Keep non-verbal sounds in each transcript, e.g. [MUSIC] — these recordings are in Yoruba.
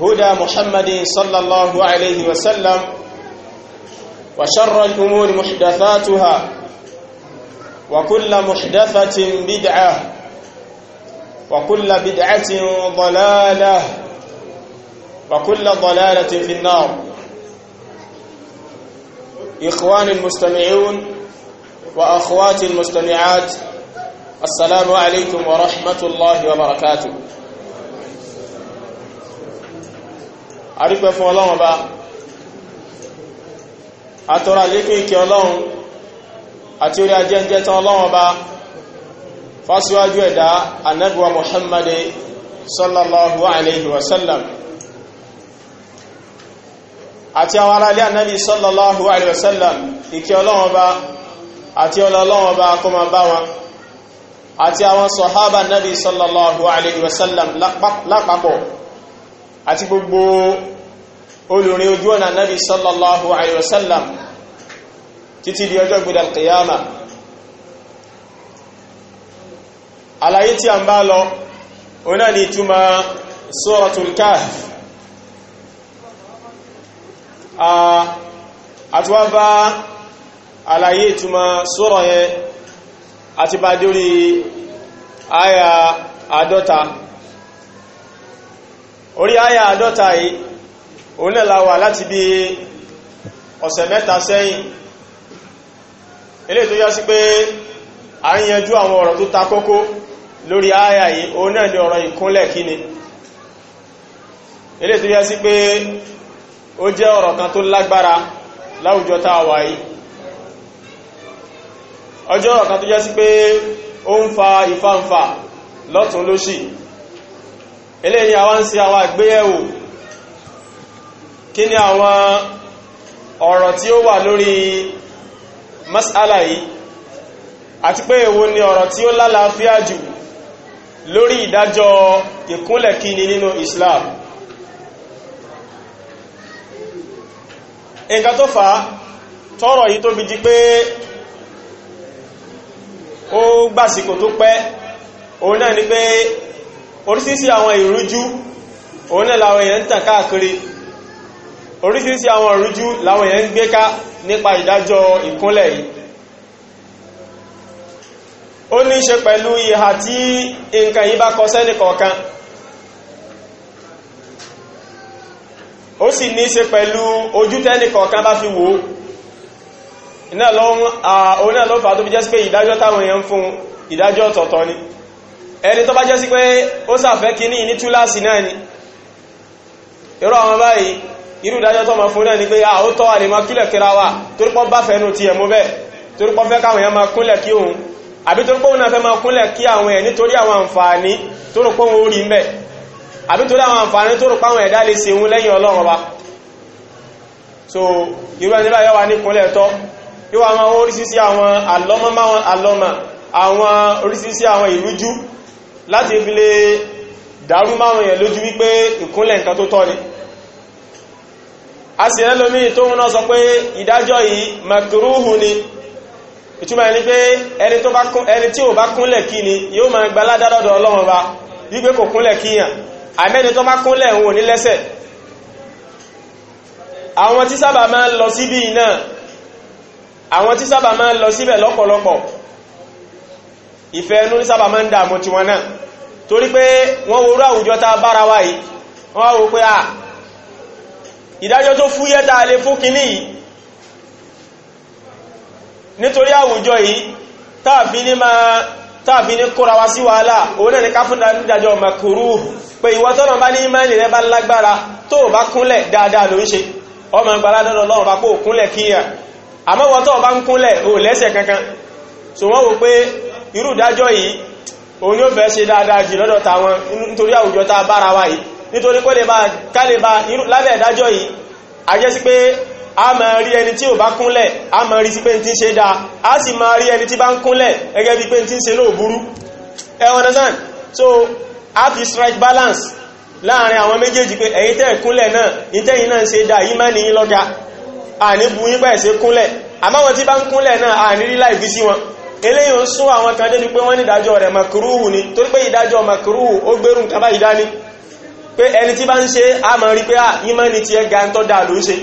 هدى محمد صلى الله عليه وسلم وشر الأمور محدثاتها وكل محدثة بدعة وكل بدعة ضلالة وكل ضلالة في النار إخواني المستمعون وأخواتي المستمعات السلام عليكم ورحمة الله وبركاته àrípẹ́ fún ọlọ́run bá àtọ́rọ àlékún ìkẹ́ ọlọ́run àti orí ajẹ́jẹ́ tán ọlọ́run bá fásíwájú ẹ̀dá anẹ́bùwa Muhammad sallallahu alayhi wa sallam àti àwọn aráalé anẹ́bì sallallahu alayhi wa sallam ìkẹ́ ọlọ́run bá àti ọlọ́run bá kó máa bá wọn àti àwọn sọ̀hábà anẹ́bì sallallahu alayhi wa sallam lápapọ̀ àti gbogbo olùrin ojú ọ̀nà nabi sallallahu alayhi wa sallam títí di ọjọ́ gbìdàn kìyàmà àlàyé tí a ń bá lọ ọ̀nà ni túnmà suratul kahf àtúwà bá àlàyé túnmà sura àti bá dórí àyà àdọ́ta orí àyà àádọ́ta yìí òun la wà láti bí ọ̀sẹ̀ mẹ́ta sẹ́yìn ilé tó yá sí pé a ń yanjú àwọn ọ̀rọ̀ tó ta kókó lórí àyà yìí òun náà ni ọ̀rọ̀ ìkúnlẹ̀ kíni ilé tó yá sí pé ó jẹ́ ọ̀rọ̀ kan tó lágbára láwùjọ tá yìí ọjọ́ ọ̀rọ̀ kan tó yá sí pé ó ń fa ìfàǹfà lọ́tún lósì eléyìí àwọn ń ṣe àwọn àgbéyẹ̀wò kí ni àwọn ọ̀rọ̀ tí ó wà lórí mas'ala yìí àti pé èwo ni ọ̀rọ̀ tí ó lálàáfíà jù lórí ìdájọ́ ìkúnlẹ̀ kíni nínú Islam nǹkan tó fà á tọ́rọ̀ yìí tó bí jí pé ó gbàsìkò tó pẹ́ òun náà ni pé oríṣiríṣi àwọn ìrújú òun náà làwọn èèyàn ń tàn káàkiri oríṣiríṣi àwọn ìrújú làwọn èèyàn ń gbé ká nípa ìdájọ́ ìkúnlẹ̀ yìí ó ní ṣe pẹ̀lú ìhà tí nǹkan yìí bá kọ sẹ́nì kọ̀ọ̀kan ó sì ní ṣe pẹ̀lú ojú tẹ́nì kọ̀ọ̀kan bá fi wò ó ìdájọ́ táwọn èèyàn fún ìdájọ́ ọ̀tọ̀ọ̀tọ̀ ni ẹni tó bá jẹ́ sí pé ó sàfẹ́ kíní ní túláàsì náà ni irú àwọn báyìí irú ìdájọ́ tó ma fún náà ni pé àó tọ́ àlèmọ́ kílẹ̀ kíra wà torípọ́ bá fẹ́nu ti ẹ̀mú bẹ́ẹ̀ torípọ́ fẹ́ káwọn èèyàn máa kúnlẹ̀ kí òun àbí torípọ́ òun náà fẹ́ máa kúnlẹ̀ kí àwọn èèyàn nítorí àwọn àǹfààní torípọ́ òun orí mbẹ̀ àbí so irú ẹni báyọ̀ wà ní kúnlẹ̀ tọ́ yóò wá máa oríṣiríṣi àwọn àlọ́mọ́ máwọn àlọ́mọ́ àwọn oríṣiríṣi àwọn ìrújú láti fi lè dàrú máwọn èèyàn lójú wípé ìkúnlẹ̀ nǹkan tó tọ́ ni a sì ẹlòmí tó ń náà sọ pé ìdájọ́ yìí makruhu ni ìtumọ̀ ẹni pé ẹni tí ò bá kúnlẹ̀ kí ni yóò máa gba ládádọ́dọ̀ ọlọ́run ba wípé kò kúnlẹ̀ kíyàn àmẹ́ni tó bá kúnlẹ̀ òun ò ní lẹ́sẹ̀ àwọn tí sábà máa ìfẹ́ inú ní sábà máa ń dààmú náà torí pé wọ́n wo àwùjọ a bára wa yìí wo pé à ah, ìdájọ́ tó fúyẹ́ ta a lè fún kínní yìí nítorí àwùjọ yìí táàfin ní kóra wa sí wàhálà òun ní pé ìwọ́ tọ́nà bá ní ìmánì rẹ bá lágbára tó bá kúnlẹ̀ dáadáa ló ń ṣe ọmọ ìgbàlá dọ́dọ̀ lọ́wọ́ bá kó kúnlẹ̀ kíyàn àmọ́ tọ́ bá irú ìdájọ́ yìí òun yóò fẹ́ ṣe dáadáa jù lọ́dọ̀ tàwọn nítorí àwùjọ tá a bára wa yìí nítorí kó lè bá kálẹ̀ bá lábẹ́ ìdájọ́ yìí a jẹ́ sí pé a ma rí ẹni tí ò bá kúnlẹ̀ a ma rí sí pé tí ń ṣe dáa a sì ma rí ẹni tí bá ń kúnlẹ̀ gẹ́gẹ́ bí pé tí ń ṣe lóò burú so a fi strike balance láàrin àwọn méjèèjì pé ẹ̀yin tẹ́ kúnlẹ̀ náà ìtẹ́yìn náà ṣe dáa yìí má ní lọ́gá àní bu yín báyìí ṣe kúnlẹ̀ àmáwọn tí bá ń kúnlẹ̀ náà àní rí láì sí wọn eléyìn ń sún àwọn kan débi pé wọ́n ní ìdájọ́ rẹ̀ makruhu ni torí pé ìdájọ́ makruhu ó gbérù nǹkan báyìí dání pé ẹni tí bá ń ṣe a mọ̀ rí pé ìmọ̀ ni ti ẹ ga ń tọ́ dáa ló ń ṣe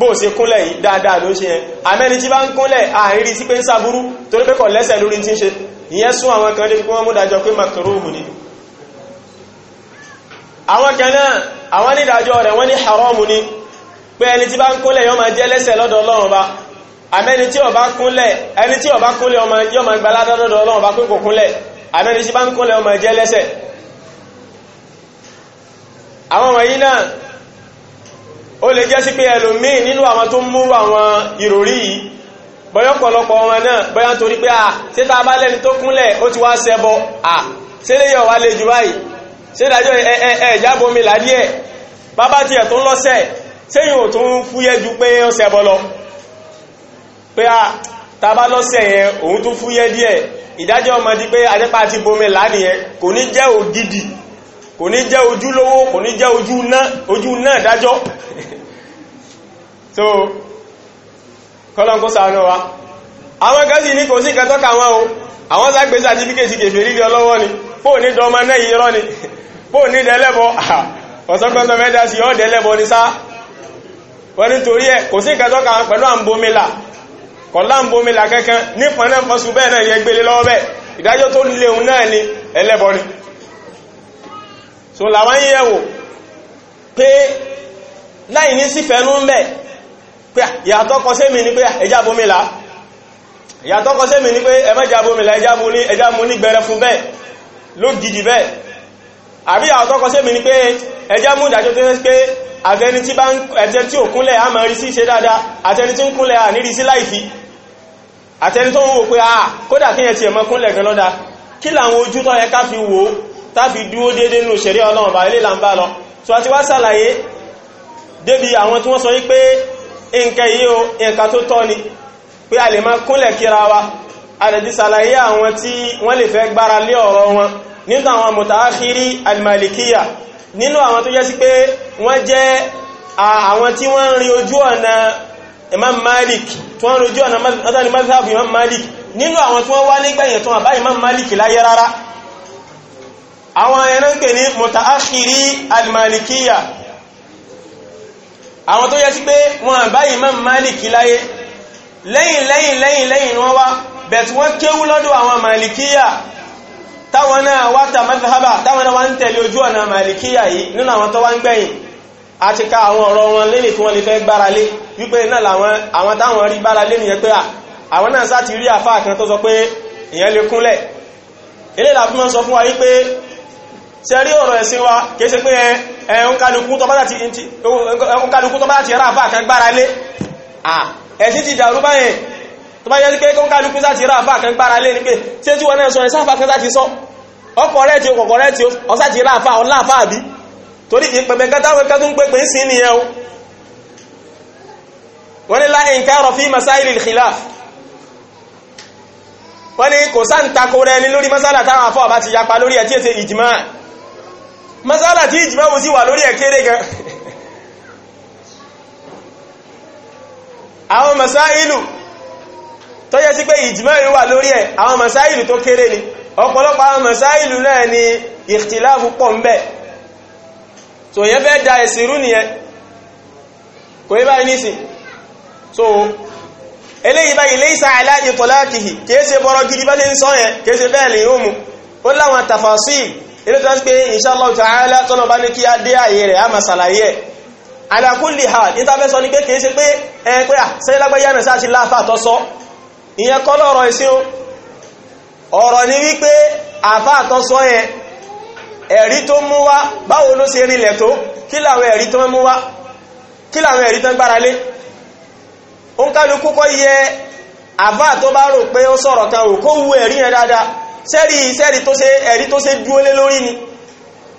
bó ṣe kúnlẹ̀ yìí dáadáa ló ń ṣe yẹn àmẹ́ni tí bá ń kúnlẹ̀ àárín rí sí pé ń sáburú torí pé kọ̀ lẹ́sẹ̀ lórí ti ń ṣe ìyẹn sún àwọn kan débi pé wọ́n mú ìdájọ́ pé makruhu ni àwọn kan náà àwọn nídàájọ́ rẹ̀ wọ́n ní haramu ni pé ẹni tí bá ń kúnlẹ̀ yọ́ máa jẹ́ lẹ́sẹ̀ lọ́dọ̀ Ọlọ́run ba àmẹ́ni tí ó bá kúnlẹ̀ ẹni tí ó bá kúnlẹ̀ ọmọ yóò máa gba ládọ́dọ́dọ́ ọlọ́run bá kúnkò kúnlẹ̀ àmẹ́ni tí bá ń kúnlẹ̀ ọmọ jẹ́ lẹ́sẹ̀ àwọn wọ̀nyí náà ó lè jẹ́ sí pé ẹlòmíì nínú àwọn tó ń mú àwọn ìròrí yìí bọ́yọ́ pọ̀lọpọ̀ wọn náà bọ́yá torí pé à ṣé tá a bá lẹ́ni tó kúnlẹ̀ ó ti wá ṣẹbọ à ṣé lè yọ̀ wá lè jù báyìí ṣé dájọ́ ẹ ẹ ẹ jábomi làdíẹ̀ bàbá tiẹ̀ tó ń lọ́sẹ̀ ṣé yìí ò tún fúyẹ́ ju pé ó ṣẹbọ lọ pé a tàbá lọ́sẹ̀ yẹn òun tún fúyẹ́ díẹ̀ ìdájọ́ ọmọ di pé adẹ́pá ti bomi lánìyẹn kò ní jẹ́ ògidì kò ní jẹ́ ojúlówó kò ní jẹ́ ojú náà dájọ́ so kọ́lọ́n kó wa àwọn gẹ́sì ní kò sí wọn o àwọn sàtífíkèsì kèfè rí ọlọ́wọ́ ni pò ní náà yìí ni ní mẹ́dá sí ọ́ ni sá wọ́n kò sí pẹ̀lú kọ̀láǹbomi làkẹ́kẹ́ nípa náà fọ́sù bẹ́ẹ̀ náà yẹ gbélé lọ́wọ́ bẹ́ẹ̀ ìdájọ́ tó léun náà ni ẹlẹ́bọ ni so làwọn yẹ wò pé láì ní sí fẹ́nu ń bẹ̀ pé ìyàtọ̀ kọ sẹ́mi ni pé ẹjá bomi là ìyàtọ̀ kọ sẹ́mi ni pé ẹmẹ́já bomi là ẹjá mu ní gbẹrẹ fún bẹ́ẹ̀ lójijì bẹ́ẹ̀ àbí ìyàtọ̀ kọ sẹ́mi ni pé ẹjá mú ìdájọ́ tó pé àtẹni tí ò kúnlẹ̀ a máa rí sí ṣe dáadáa àtẹni tí ń kúnlẹ̀ à ní rí sí láìfí àtẹni tó ń wò pé àà kódà kí ẹ ti ẹ̀mọ́ kúnlẹ̀ gan lọ́dá kí làwọn ojú tó yẹ ká fi wò ó dúó déédéé so àti wá sàlàyé débi àwọn tí wọ́n ni pé a lè máa kúnlẹ̀ kíra wa àdẹ̀dí sàlàyé àwọn tí wọ́n lè fẹ́ gbára nínú àwọn mùtàáfírí nínú àwọn tó jẹ́ sí pé wọ́n jẹ́ àwọn tí wọ́n rin ojú ọ̀nà Imam Malik tí wọ́n rin ojú ọ̀nà mọ́tàní mazhabu Imam Malik nínú àwọn tí wọ́n wá nígbẹ̀yìn tó àbá Imam Malik láyé rárá àwọn ẹran pè ní mutaakhiri al-Malikiya àwọn tó jẹ́ sí pé wọ́n àbá Imam Malik láyé lẹ́yìn lẹ́yìn lẹ́yìn lẹ́yìn wọ́n wá bẹ̀t wọ́n kéwú lọ́dọ̀ àwọn Malikiya táwọn náà wá ta madhhaba táwọn náà wá ń tẹ̀lé ojú ọ̀nà màlìkíyà yìí nínú àwọn tó wá ń gbẹ̀yìn àti ka àwọn ọ̀rọ̀ wọn lélè tí wọ́n lè fẹ́ gbára lé wípé náà làwọn àwọn táwọn rí gbára lé nìyẹn pé àwọn náà sá ti rí àfáà kan tó sọ pé ìyẹn lè kúnlẹ̀ tó bá yẹ pé kó ń kálukú sáti rá àfà kan gbára lé ní pé ṣé tí wọ́n náà sọ ẹ̀sáfà kan sáti sọ ọkọ̀ rẹ̀ tí ọkọ̀ rẹ̀ tí ọ sáti rá àfà ọ̀lá àfà àbí torí ìpẹ̀pẹ̀ kátàwọn kan tó ń pèpè sí nìyẹn o wọ́n ní láì nkárọ̀ fi masáìlì ìkìláf wọ́n ní kò sáà ń takò rẹ̀ ní lórí masala táwọn afọ́ àbá ti yapa lórí ẹ̀ tí èsè ìjìmá masala tí ìjìmá wo sí wà lórí ẹ̀ kéré gan [LAUGHS] àwọn masáìlù tó yẹ sí pé ìjìmẹ́rin wà lórí ẹ̀ àwọn masáìlù tó kéré ni ọ̀pọ̀lọpọ̀ àwọn masáìlù náà ni ìtìláàfù pọ̀ ń bẹ so yẹn fẹ́ da ẹ̀sìn rú nìyẹn kò yẹ báyìí nísìn so eléyìí báyìí léyìísà aláàdì tọ́láàkìhì kìí ṣe bọ́rọ̀ gidi bá ṣe ń sọ yẹn kìí ṣe bẹ́ẹ̀ lè yóò mú ó láwọn tàfàṣì ilé tó ń hal ní tàbẹ́ sọ ní pé kìí ṣe pé ẹ pé à sẹ́yìn lágbẹ́yà sáà ti láàfà tọ́ ìyẹn kọ́ lọ́rọ̀ ìsìn ọ̀rọ̀ ni wípé àfá àtọ́sọ́ yẹn ẹ̀rí tó mú wá báwo ló ṣe rinlẹ̀ tó kí làwọn ẹ̀rí tó mú wá kí làwọn ẹ̀rí tó gbára lé ó ń kájú kúkọ́ yẹ àfá tó bá rò pé ó sọ̀rọ̀ kan ò kó wu ẹ̀rí yẹn dáadáa sẹ́rí sẹ́rí tó ṣe ẹ̀rí tó ṣe dúólé lórí ni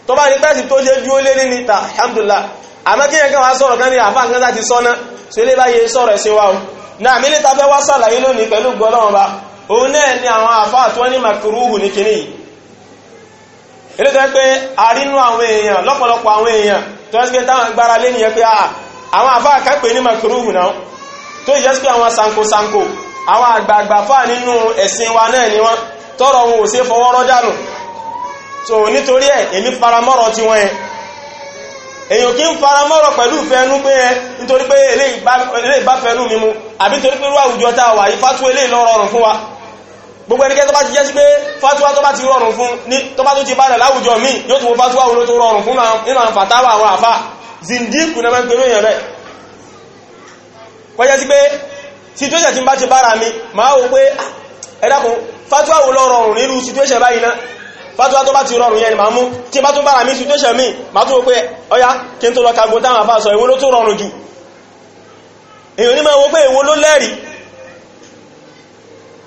tó bá ní pẹ́sì tó ṣe dúólé ní níta alhamdulillah àmọ́ kí yẹn kan wá sọ̀rọ̀ kan ní àfá láti sọ́ná ṣe lé báyé sọ̀rọ̀ ẹ̀sìn wa o na milita fẹ́ wá sàlàyé lónìí pẹ̀lú gbọ́lọ́wọ́n bá òun náà ni àwọn àfáà tó ní makuruhu ní kìíní ilé tó pé àrínú àwọn èèyàn lọ́pọ̀lọpọ̀ àwọn èèyàn tó ẹ́sì pé táwọn gbára lé nìyẹn pé ah, àwọn àfáà ká ní náà tó yẹ́ sí àwọn sankosanko àwọn àgbààgbà fáà nínú ẹ̀sìn wa náà ni wọ́n tọ́rọ wọn ò sí fọwọ́rọ́ dànù so nítorí ẹ̀ èmi faramọ́rọ̀ ti wọ́n èèyàn kí ń faramọ́rọ̀ pẹ̀lú àbí torí pé àwùjọ tá a wà yí fatuwa eléyìí ló rọrùn fún wa gbogbo ẹnikẹ́ tó bá ti jẹ́ sí pé fatuwa tó bá ti rọrùn fún ní tó bá tó ti bára láwùjọ míì yóò tún fatuwa wo ló tó rọrùn fún nínú àwọn fàtàwà àwọn àfà zindiku na máa ń rẹ̀ kọjá sí pé situation ti bá ti bára mi máa wò pé ah, ẹ̀dàkùn fatuwa wo ló rọrùn nínú situation báyìí náà fatuwa tó bá ti rọrùn yẹn ni máa mú tí bá tún bára mi situation míì máa tún wò pé ọya kí n tó lọ kagbo táwọn àfà sọ ìwó ló tó rọrùn jù èyàn ní máa wo pé èwo ló lẹ́rìí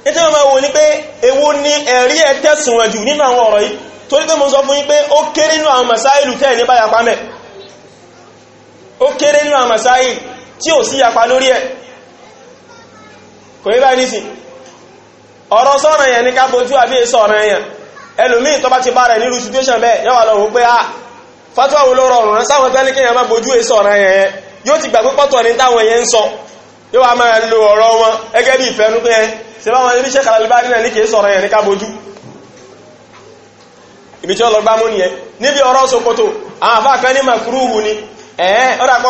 ní tí wọ́n máa wo ní pé èwo ni ẹ̀rí ẹ̀ tẹ̀sùn jù nínú àwọn ọ̀rọ̀ yìí torí pé mo sọ fún yín pé ó kéré nínú àwọn masáìlù tẹ́ ní báyapa mẹ́ ó kéré nínú àwọn masáìlù tí ò sí yapa lórí ẹ̀ kò ní báyìí nísìn ọ̀rọ̀ sọ́rọ̀ yẹn ní ká bojú àbí èso ọ̀rọ̀ yẹn ẹlòmíì tó bá ti bá nílùú situation bẹ́ẹ̀ yọ́wà lọ́wọ́ pé ah fatuwa wo ló rọrùn sáwọn tẹ́lẹ̀ kéèyàn má bojú èso yẹn yẹn yóò ti gbàgbé pọ́tọ̀ ní táwọn èèyàn ń sọ yóò wá máa lo ọ̀rọ̀ wọn gẹ́gẹ́ bí ìfẹ́nú pé ẹn ṣe bá wọn iléeṣẹ́ kalalibari náà ní kìí sọ̀rọ̀ yẹn ní kábojú ibi tí ọrụ lọ gbá mú nìyẹn níbi ọ̀rọ̀ Sokoto àwọn àfáà kan ní makuruhu ni ẹ̀ẹ́ ọ̀dà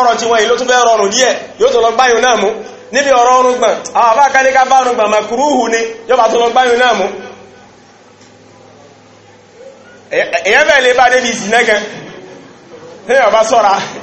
bá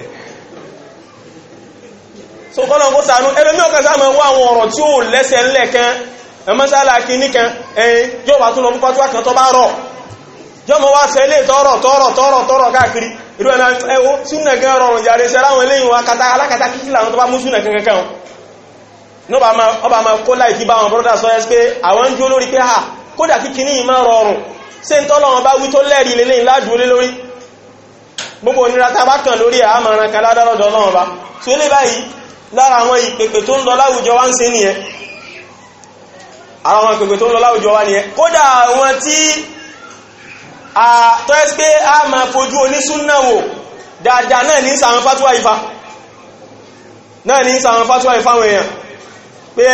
so kọ́lọ̀n kó sànú ẹlòmí ọkà sáà máa wá àwọn ọ̀rọ̀ tí ó lẹ́sẹ̀ ńlẹ̀ kan ẹmọ́sálà kìíní kan ẹ̀yìn yóò bá tún lọ fún pátúwà kan tó bá rọ̀ yóò mọ́ wá sẹ́lẹ̀ tọ́rọ̀ tọ́rọ̀ tọ́rọ̀ tọ́rọ̀ káàkiri irú ẹ̀nà ẹ̀wọ́ súnà gan rọrùn jàre sẹ́ láwọn eléyìn wa kata alákatá kí làwọn tó bá mú súnà kankan kan ní ọba máa kó láì kí bá àwọn brọ́dà sọ ẹ́sì pé àwọn ń jó lórí pé ha kódà kí kìíní yìí máa rọrùn ṣe ń tọ́lọ wọn bá wí tó lẹ́rìí lélẹ́yìn ládùúlé lórí gbogbo onírata bá kàn lórí ẹ̀ á máa ran kaládá lọ́dọ̀ ọlọ́run bá tí ó lè báyìí lára àwọn ìpèpè tó ń lọ láwùjọ wá ń ṣe nìyẹn àwọn ìpèpè tó ń lọ láwùjọ wá nìyẹn kódà àwọn tí a tọ́ẹ́sí pé a máa fojú onísúnnà wò dáadáa náà ní sàwọn fátúwà ìfà náà ní sàwọn fátúwà ìfà àwọn èèyàn pé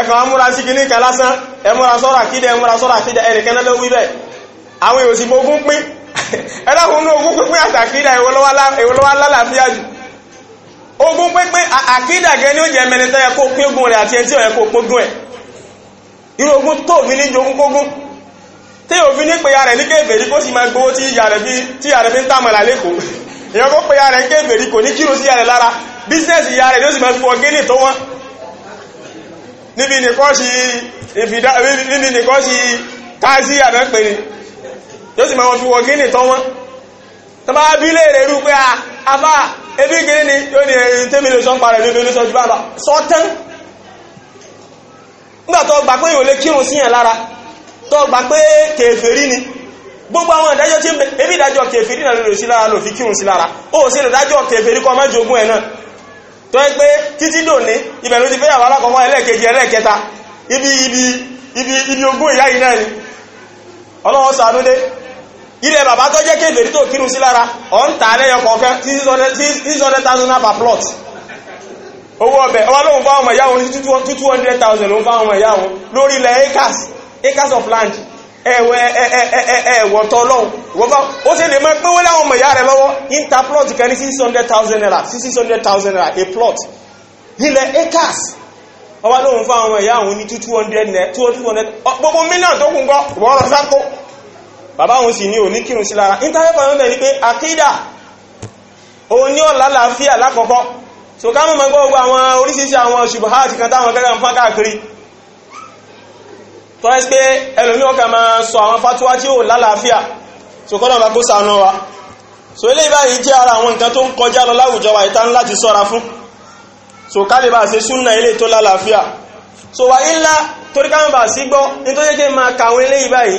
ẹkàn amúra sí kìíní kan lásán ẹmúra sọ́rọ̀ àkídẹ ẹmúra sọ́rọ̀ àkídẹ ẹnìkan náà wí bẹ́ẹ̀ àwọn èrò sì mọ́ ogún pín [LAUGHS] ẹlẹ́kùnrin ogún pínpín àtàkídẹ èwo ló wà lálàáfíà jù ogun pínpín àkídàgẹ́ ní ó jẹ́ mẹ́lẹ́tọ́ ẹkó pín ogun rẹ̀ àti ẹni tí ó ẹkó pógún ẹ̀ irú ogun tó fi ní jogún kógún tí ò fi ní pé yàrá ní kébèrí kó sì máa gbowó tí yàrá bí tí yàrá bí ń tàmàlà lẹ́kọ̀ọ́ èèyàn kó pé yàrá kébèrí kò ní kírun sí yàrá lára bísínẹ́sì yàrá ló sì máa fi wọ gíní tó wọ́n níbi nìkan sí ìfìdá níbi nìkan sí káàsì àná pè ní ló sì máa fi wọ gíní ebi gini ni yóò ni ẹ̀yìn eh, tẹ́mi lè sọ́n parẹ̀ lóbi olóṣọ́ jù bá lọ sọ́tán nígbàtọ́ gbà pé ìwòlé kírun síyàn lára tọ́ gbà pé ni gbogbo àwọn ìdájọ́ tí ebi ìdájọ́ kèfèrí náà lòlò sí lára lò kírun sí lára ó sì lè dájọ́ kèfèrí kọ́ mẹ́jọ ogún ẹ̀ náà pé títí dòní ibẹ̀ ti fẹ́ yàwó ẹlẹ́ẹ̀kejì ẹlẹ́ẹ̀kẹta ibi ibi ibi ogún ìyá yìí náà ni ọlọ́wọ́ ilẹ̀ bàbá tó jẹ́ kéde tó kírun sí lára ọ̀ ń lẹ́yọ kọ̀ọ̀kan six hundred thousand per plot owó ọbẹ̀ ọwọ́ lóun fáwọn ọmọ ìyá òun ní two hundred thousand lóun fáwọn ọmọ ìyá òun lórí ilẹ̀ acres acres of land ẹ̀wọ̀ ẹ̀wọ̀ tọ́lọ́hùn wọ́fà ó sì lè mọ́ pé wọ́n láwọn ọmọ ìyá rẹ̀ lọ́wọ́ inter plot kan six hundred thousand naira six hundred thousand naira a plot ilẹ̀ acres ọwọ́ lóun fáwọn ọmọ ìyá òun ní two hundred gbogbo mílíọ̀nù tó kún kọ́ wọ́n rọ̀ sáko bàbá òun sì ní òní kírun sí lára ìtàfẹ́fà ń bẹ̀ ní pé àkídà òun ní ọ̀lá làáfíà lákọ̀ọ́kọ́ so ká mọ̀ mọ́gbọ́ gbogbo àwọn oríṣiríṣi àwọn ṣubuhati kan táwọn kẹ́kẹ́ ń fọ́n káàkiri tó ẹ́ pé ẹlòmí ọkà máa sọ àwọn fatuwa tí ó lálàáfíà so kọ́nà bá kó sànú wa so ilé ìbáyìí jẹ́ ara àwọn nǹkan tó ń kọjá lọ láwùjọ wa ìta láti sọ́ra fún so ká lè bá ṣe súnà ilé tó lálàáfíà so wà ńlá torí ká mọ̀ bá sí gbọ́ nítorí kí n máa kàwọn ilé ìbáyìí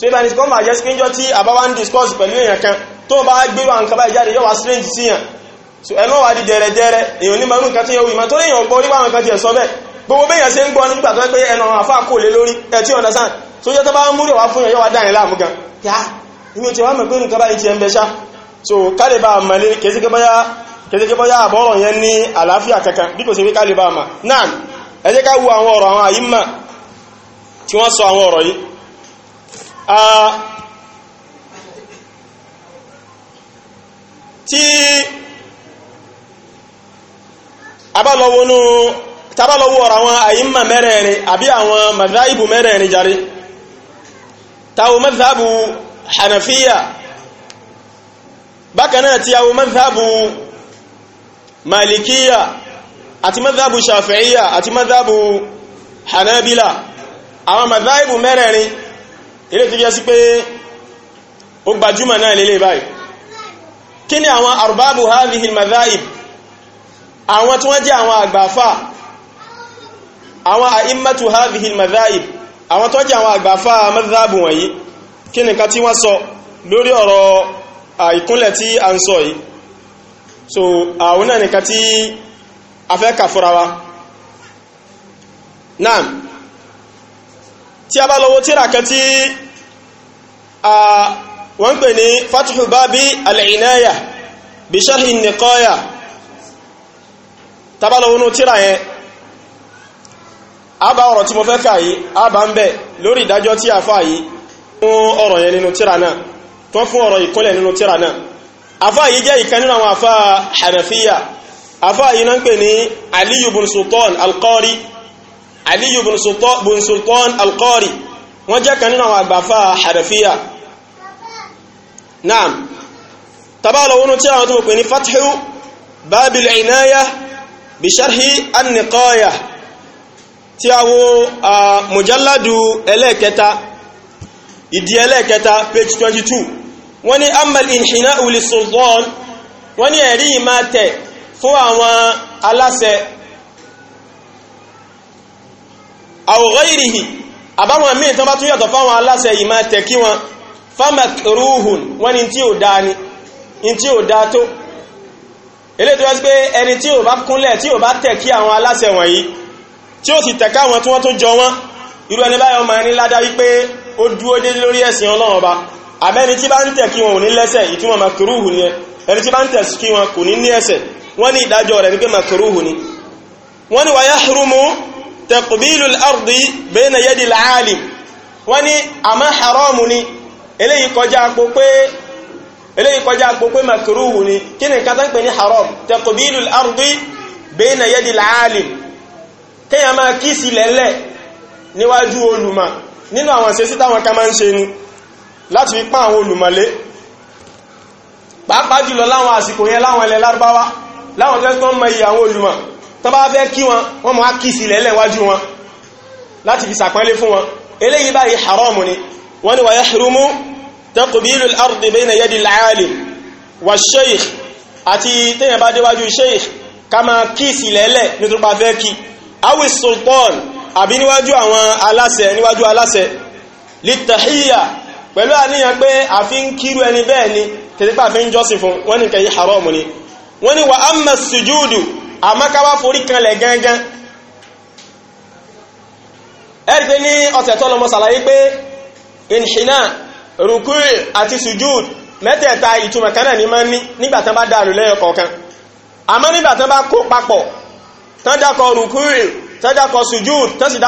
so ibà ní kọ́mà jẹ́ síkéjọ́ tí àbáwá ń discuss pẹ̀lú èèyàn kan tó bá gbérò àwọn kaba ìjáde yọ́wà strange sí yàn so ẹnu wà di dẹ̀rẹ̀dẹ̀rẹ̀ èèyàn ní mọ̀rún nǹkan tí yẹ wùmọ̀ tó léèyàn gbọ́ orí báwọn kan ti ẹ̀sọ́ bẹ́ẹ̀ gbogbo béèyàn ṣe ń gbọ́ nígbà tó pé ẹnu àfa kò lé lórí ẹ tí understand so jẹ́ tó bá ń múrò wá fún yàn yọ́wà dáyìn láàmú gan yá inú ti wá mọ̀ pé nǹkan báyìí ti ẹ̀ ń bẹ ṣá so kálẹ̀ bá mọ̀ lé kẹsíkẹ́ bọ́yá kẹsíkẹ́ bọ́yá àbọ̀rọ̀ yẹn ní àlàáfíà kankan bí kò sí pé kálẹ̀ bá mọ̀ náà ẹ jẹ́ ká wo àwọn ọ̀rọ̀ àwọn àyímà tí wọ́n sọ àwọn ọ̀rọ̀ yìí tí abálọ́wọ́nú tábálọ́wọ́ ọ̀rọ̀ àwọn àyíma mẹ́rẹ̀ẹ̀rin àbí àwọn mazaibu mẹ́rẹ̀ẹ̀rin jari tawo mazhabu hanafiya bákanáà tí àwọn mazhabu malikiya àti mazhabu shafi'iya àti mazhabu hanabila àwọn mazaibu mẹ́rẹ̀ẹ̀rin ilé tó jẹ́ sí pé ó gbajúmọ̀ náà lélẹ̀ báyìí kí ni àwọn arbabu hadhihi madhaib àwọn tí wọ́n jẹ́ àwọn àgbàfà àwọn a'immatu hadhihi madhaib àwọn tó jẹ́ àwọn àgbàfà madhabu wọ̀nyí kí ni kan tí wọ́n sọ lórí ọ̀rọ̀ àìkúnlẹ̀ tí a ń sọ yìí so àwọn náà nìkan tí a fẹ́ kà fúra wa tí a bá lọ́wọ́ tíra kan tí a wọ́n pè ní fatihu babi al'inaya bi sharhi niqaya tá a bá lọ́wọ́ tíra yẹn a bá ọ̀rọ̀ tí mo fẹ́ kà yìí a bá ń bẹ̀ lórí ìdájọ́ tí a fà yìí fún ọ̀rọ̀ yẹn nínú tíra náà tó fún ọ̀rọ̀ ìkúnlẹ̀ nínú tíra náà afá yìí jẹ́ ìkan nínú àwọn afá hanafiya afá yìí náà ń pè ní aliyu bin sultan alqari aliyu bin sultan alqari wọ́n jẹ́ kan nínú àwọn àgbàfà hanafiya naam tabala wọnú tí àwọn tó mọ̀ pé ní fathu babil inaya bi sharhi an tí a wo mujalladu ẹlẹ́ẹ̀kẹta ìdí ẹlẹ́ẹ̀kẹta page 22 wọ́n ní amal inhina'u lis-sultan wọ́n ní ẹ̀rí ìmáa tẹ̀ fún àwọn aláṣẹ aw ghayrihi àbáwọn míì tán bá tún yàtọ̀ fáwọn aláṣẹ yìí máa tẹ̀kí wọn famakruhun wọ́n ni tí ò dáa ni in tí ò dáa tó ilé tó wáṣí pé ẹni tí ò bá kúnlẹ̀ tí ò bá tẹ̀kí àwọn aláṣẹ wọ̀nyí tí ó sì tẹ̀ká wọn tí wọ́n tó jọ wọn irú ẹni báyọ̀ máa ní ládá wípé ó dúó dé lórí ẹ̀sìn ọlọ́run ọba àbẹ́ni tí bá ń tẹ̀kí wọn ò ní lẹ́sẹ̀ ìtumọ̀ makruhun ni ẹni tí bá ń tẹ̀kí wọn kò ní ní ẹ̀sẹ̀ wọ́n ní ìdájọ́ rẹ̀ ní pé makruhun ni wọ́n ní wáyá hùrùmù taqbilul ardi bayna yadil alim wọ́n ní àmá haramu ni eléyìí kọjá àpò pé eléyìí kọjá àpò pé makruhu ni kí ni nǹkan tán pè ní haram taqbilul ardi bayna yadil alim kéèyàn máa kí sí lẹ́lẹ̀ níwájú olùmọ̀ nínú àwọn ṣe sí táwọn ká máa ń ṣe ni láti fi pán àwọn olùmọ̀lé pàápàá jùlọ láwọn àsìkò yẹn láwọn ilẹ̀ lárúbáwá láwọn tẹ́tọ́ mọ iye àwọn olùmọ̀ tó bá fẹ́ kí wọn wọ́n mọ́ kíìsì lẹ́lẹ̀ wájú wọn láti fi sàpẹ́lé fún wọn eléyìí báyìí haramu ni wọ́n ni wa yahrumu taqbilu al-ardi bayna yadi al-alim wa sheikh àti téèyàn bá déwájú sheikh ká máa kíìsì lẹ́lẹ̀ nítorí pa fẹ́ kí awi sultan àbí níwájú àwọn aláṣẹ níwájú aláṣẹ litahiyya pẹ̀lú àníyàn pé àfi ń kírú ẹni wọ́n ni kẹ̀yí haramu ni àmọ́ ká wá forí kanlẹ̀ gangan ẹ̀rí pé ní ọ̀sẹ̀ tó lọ́mọ sàlàyé pé ìnṣìnà rùkú àti sujud mẹ́tẹ̀ẹ̀ta ìtumọ̀ kan náà ní máa ń ní nígbàtán bá dàrú lẹ́yọ kọ̀ọ̀kan àmọ́ nígbàtán bá kó papọ̀ tán dákọ̀ rùkú tán dákọ̀ sujud tán sì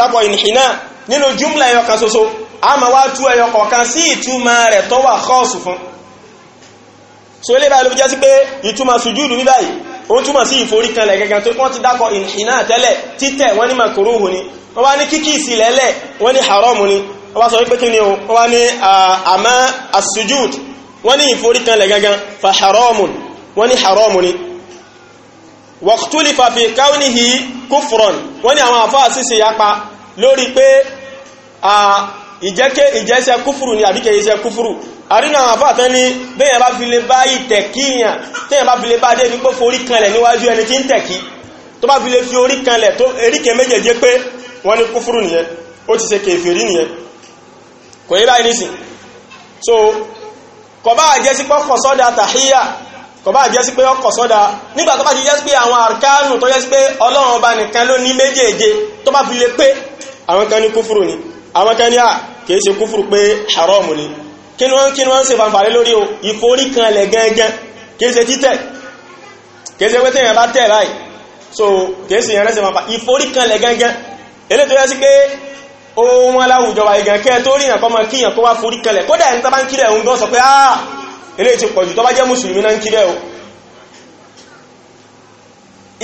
dákọ̀ ìnṣìnà nínú jùmlà ẹyọ kan ṣoṣo a ma wá tú ẹyọ kọ̀ọ̀kan sí ìtumọ̀ rẹ̀ tó wà kọ́ọ̀sù fún so ilé báyìí ló fi jẹ́ sí pé ìtumọ̀ sujud ní báyìí ó túmọ̀ sí ìforíkanlẹ̀ gẹ́gẹ́ tó kọ́ ti dákọ̀ ìhìnà tẹ́lẹ̀ títẹ̀ wọ́n ní makruhu ni wọ́n wá ní kíkí ìsìlẹ̀lẹ̀ wọ́n ní haramu ni wọ́n wá sọ wípé kí ni o wọ́n wá ní àmá as-sujud wọ́n ní ìforíkanlẹ̀ gẹ́gẹ́ fa haramun wọ́n ní haramu ni waqtulifa fi kawnihi kufran àrínà àwọn àfáàtán ní bẹ́yàn bá fi lè bá ìtẹ̀kí yàn tẹ́yàn bá fi lè bá dé ní pé forí kanlẹ̀ níwájú ẹni tí ń tẹ̀kí tó bá fi lè fi orí kanlẹ̀ tó eríkẹ méjèèjì pé wọ́n ní kúfúrú nìyẹn ó ti ṣe kèfèrí nìyẹn kò yí báyìí nísìn so kò bá jẹ́ sí pé ọkọ̀ sọ́dà tàhíyà kò bá jẹ́ sí pé ọkọ̀ sọ́dà nígbà tó bá ti jẹ́ sí pé àwọn àrkánù tó jẹ́ pé ọlọ́run ọba nìkan ló ní méjèèje tó bá fi lè pé àwọn kan ní kúfúrú ni àwọn kan ní à kìí ṣe kúfúrú pé haramu ni kí ni wọ́n kí ni wọ́n ṣe fanfàrí lórí o ìforí kan lẹ̀ gẹ́gẹ́ kìí ṣe títẹ̀ kìí ṣe pé tẹ̀yàn bá tẹ̀ báyìí so kìí ṣe ìrìnlẹ́sẹ̀ fanfà ìforí kan lẹ̀ gẹ́gẹ́ ilé tó yẹ sí pé ohun aláwùjọ wa ìgàn kẹ́ tó ríyàn kọ́mọ kíyàn kó wá forí kalẹ̀ kódà ẹni tàbá ń kílẹ̀ ohun gan sọ pé ah ilé ti pọ̀jù tó bá jẹ́ mùsùlùmí náà ń kílẹ̀ o